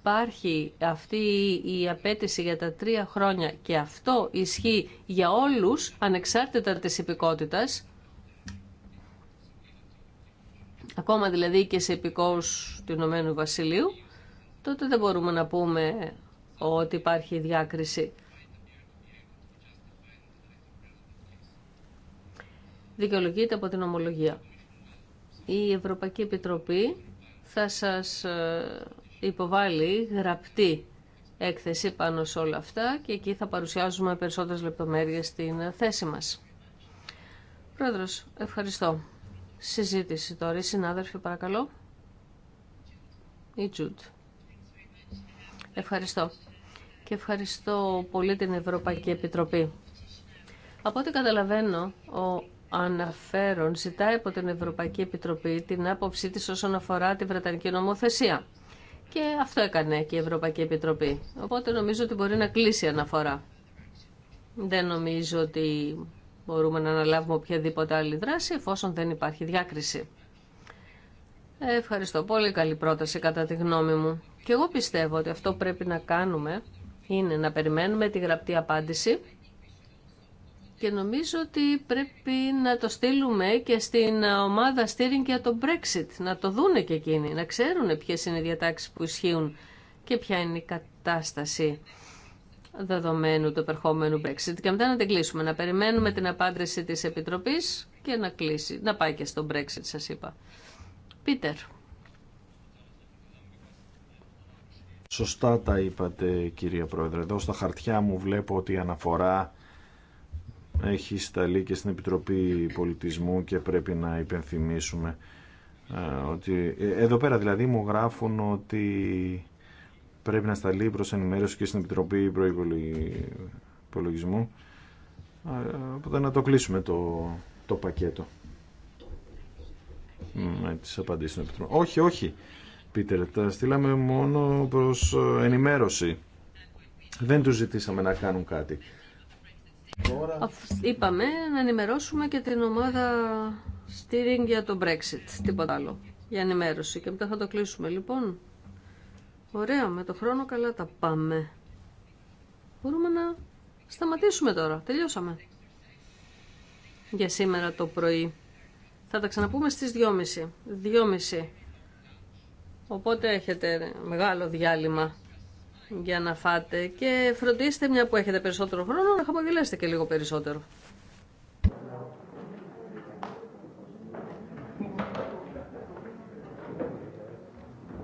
υπάρχει αυτή η απέτηση για τα τρία χρόνια και αυτό ισχύει για όλους ανεξάρτητα της υπηκότητας, ακόμα δηλαδή και σε υπηκόους του Ηνωμένου Βασιλείου, τότε δεν μπορούμε να πούμε ότι υπάρχει διάκριση. Δικαιολογείται από την ομολογία. Η Ευρωπαϊκή Επιτροπή θα σας ε, υποβάλει γραπτή έκθεση πάνω σε όλα αυτά και εκεί θα παρουσιάζουμε περισσότερες λεπτομέρειες στην θέση μας. Πρόεδρος, ευχαριστώ. Συζήτηση τώρα. Οι συνάδελφοι, παρακαλώ. Η Ευχαριστώ. Και ευχαριστώ πολύ την Ευρωπαϊκή Επιτροπή. Από ό,τι καταλαβαίνω, ο αναφέρον ζητάει από την Ευρωπαϊκή Επιτροπή την άποψή της όσον αφορά τη Βρετανική νομοθεσία. Και αυτό έκανε και η Ευρωπαϊκή Επιτροπή. Οπότε νομίζω ότι μπορεί να κλείσει αναφορά. Δεν νομίζω ότι μπορούμε να αναλάβουμε οποιαδήποτε άλλη δράση εφόσον δεν υπάρχει διάκριση. Ευχαριστώ. Πολύ καλή πρόταση κατά τη γνώμη μου. Και εγώ πιστεύω ότι αυτό πρέπει να κάνουμε είναι να περιμένουμε τη γραπτή απάντηση και νομίζω ότι πρέπει να το στείλουμε και στην ομάδα steering για το Brexit, να το δούνε και εκείνοι, να ξέρουν ποιες είναι οι διατάξεις που ισχύουν και ποια είναι η κατάσταση δεδομένου του επερχόμενου Brexit. Και μετά να την κλείσουμε, να περιμένουμε την απάντηση της Επιτροπής και να κλείσει, να πάει και στο Brexit σας είπα. Πίτερ. Σωστά τα είπατε κυρία Πρόεδρε. Εδώ στα χαρτιά μου βλέπω ότι αναφορά έχει σταλεί και στην Επιτροπή Πολιτισμού και πρέπει να υπενθυμίσουμε ε, ότι ε, εδώ πέρα δηλαδή μου γράφουν ότι πρέπει να σταλεί προς ενημέρωση και στην Επιτροπή Προϋπολογισμού ε, οπότε να το κλείσουμε το, το πακέτο με τις απαντήσεις όχι όχι Πίτερ τα στείλαμε μόνο προς ενημέρωση δεν τους ζητήσαμε να κάνουν κάτι Είπαμε να ενημερώσουμε και την ομάδα steering για το Brexit, τίποτα άλλο, για ενημέρωση και μετά θα το κλείσουμε λοιπόν. Ωραία, με το χρόνο καλά τα πάμε. Μπορούμε να σταματήσουμε τώρα, τελειώσαμε. Για σήμερα το πρωί. Θα τα ξαναπούμε στις 2.30. Οπότε έχετε μεγάλο διάλειμμα για να φάτε και φροντίστε μια που έχετε περισσότερο χρόνο να χαμογελάσετε και λίγο περισσότερο.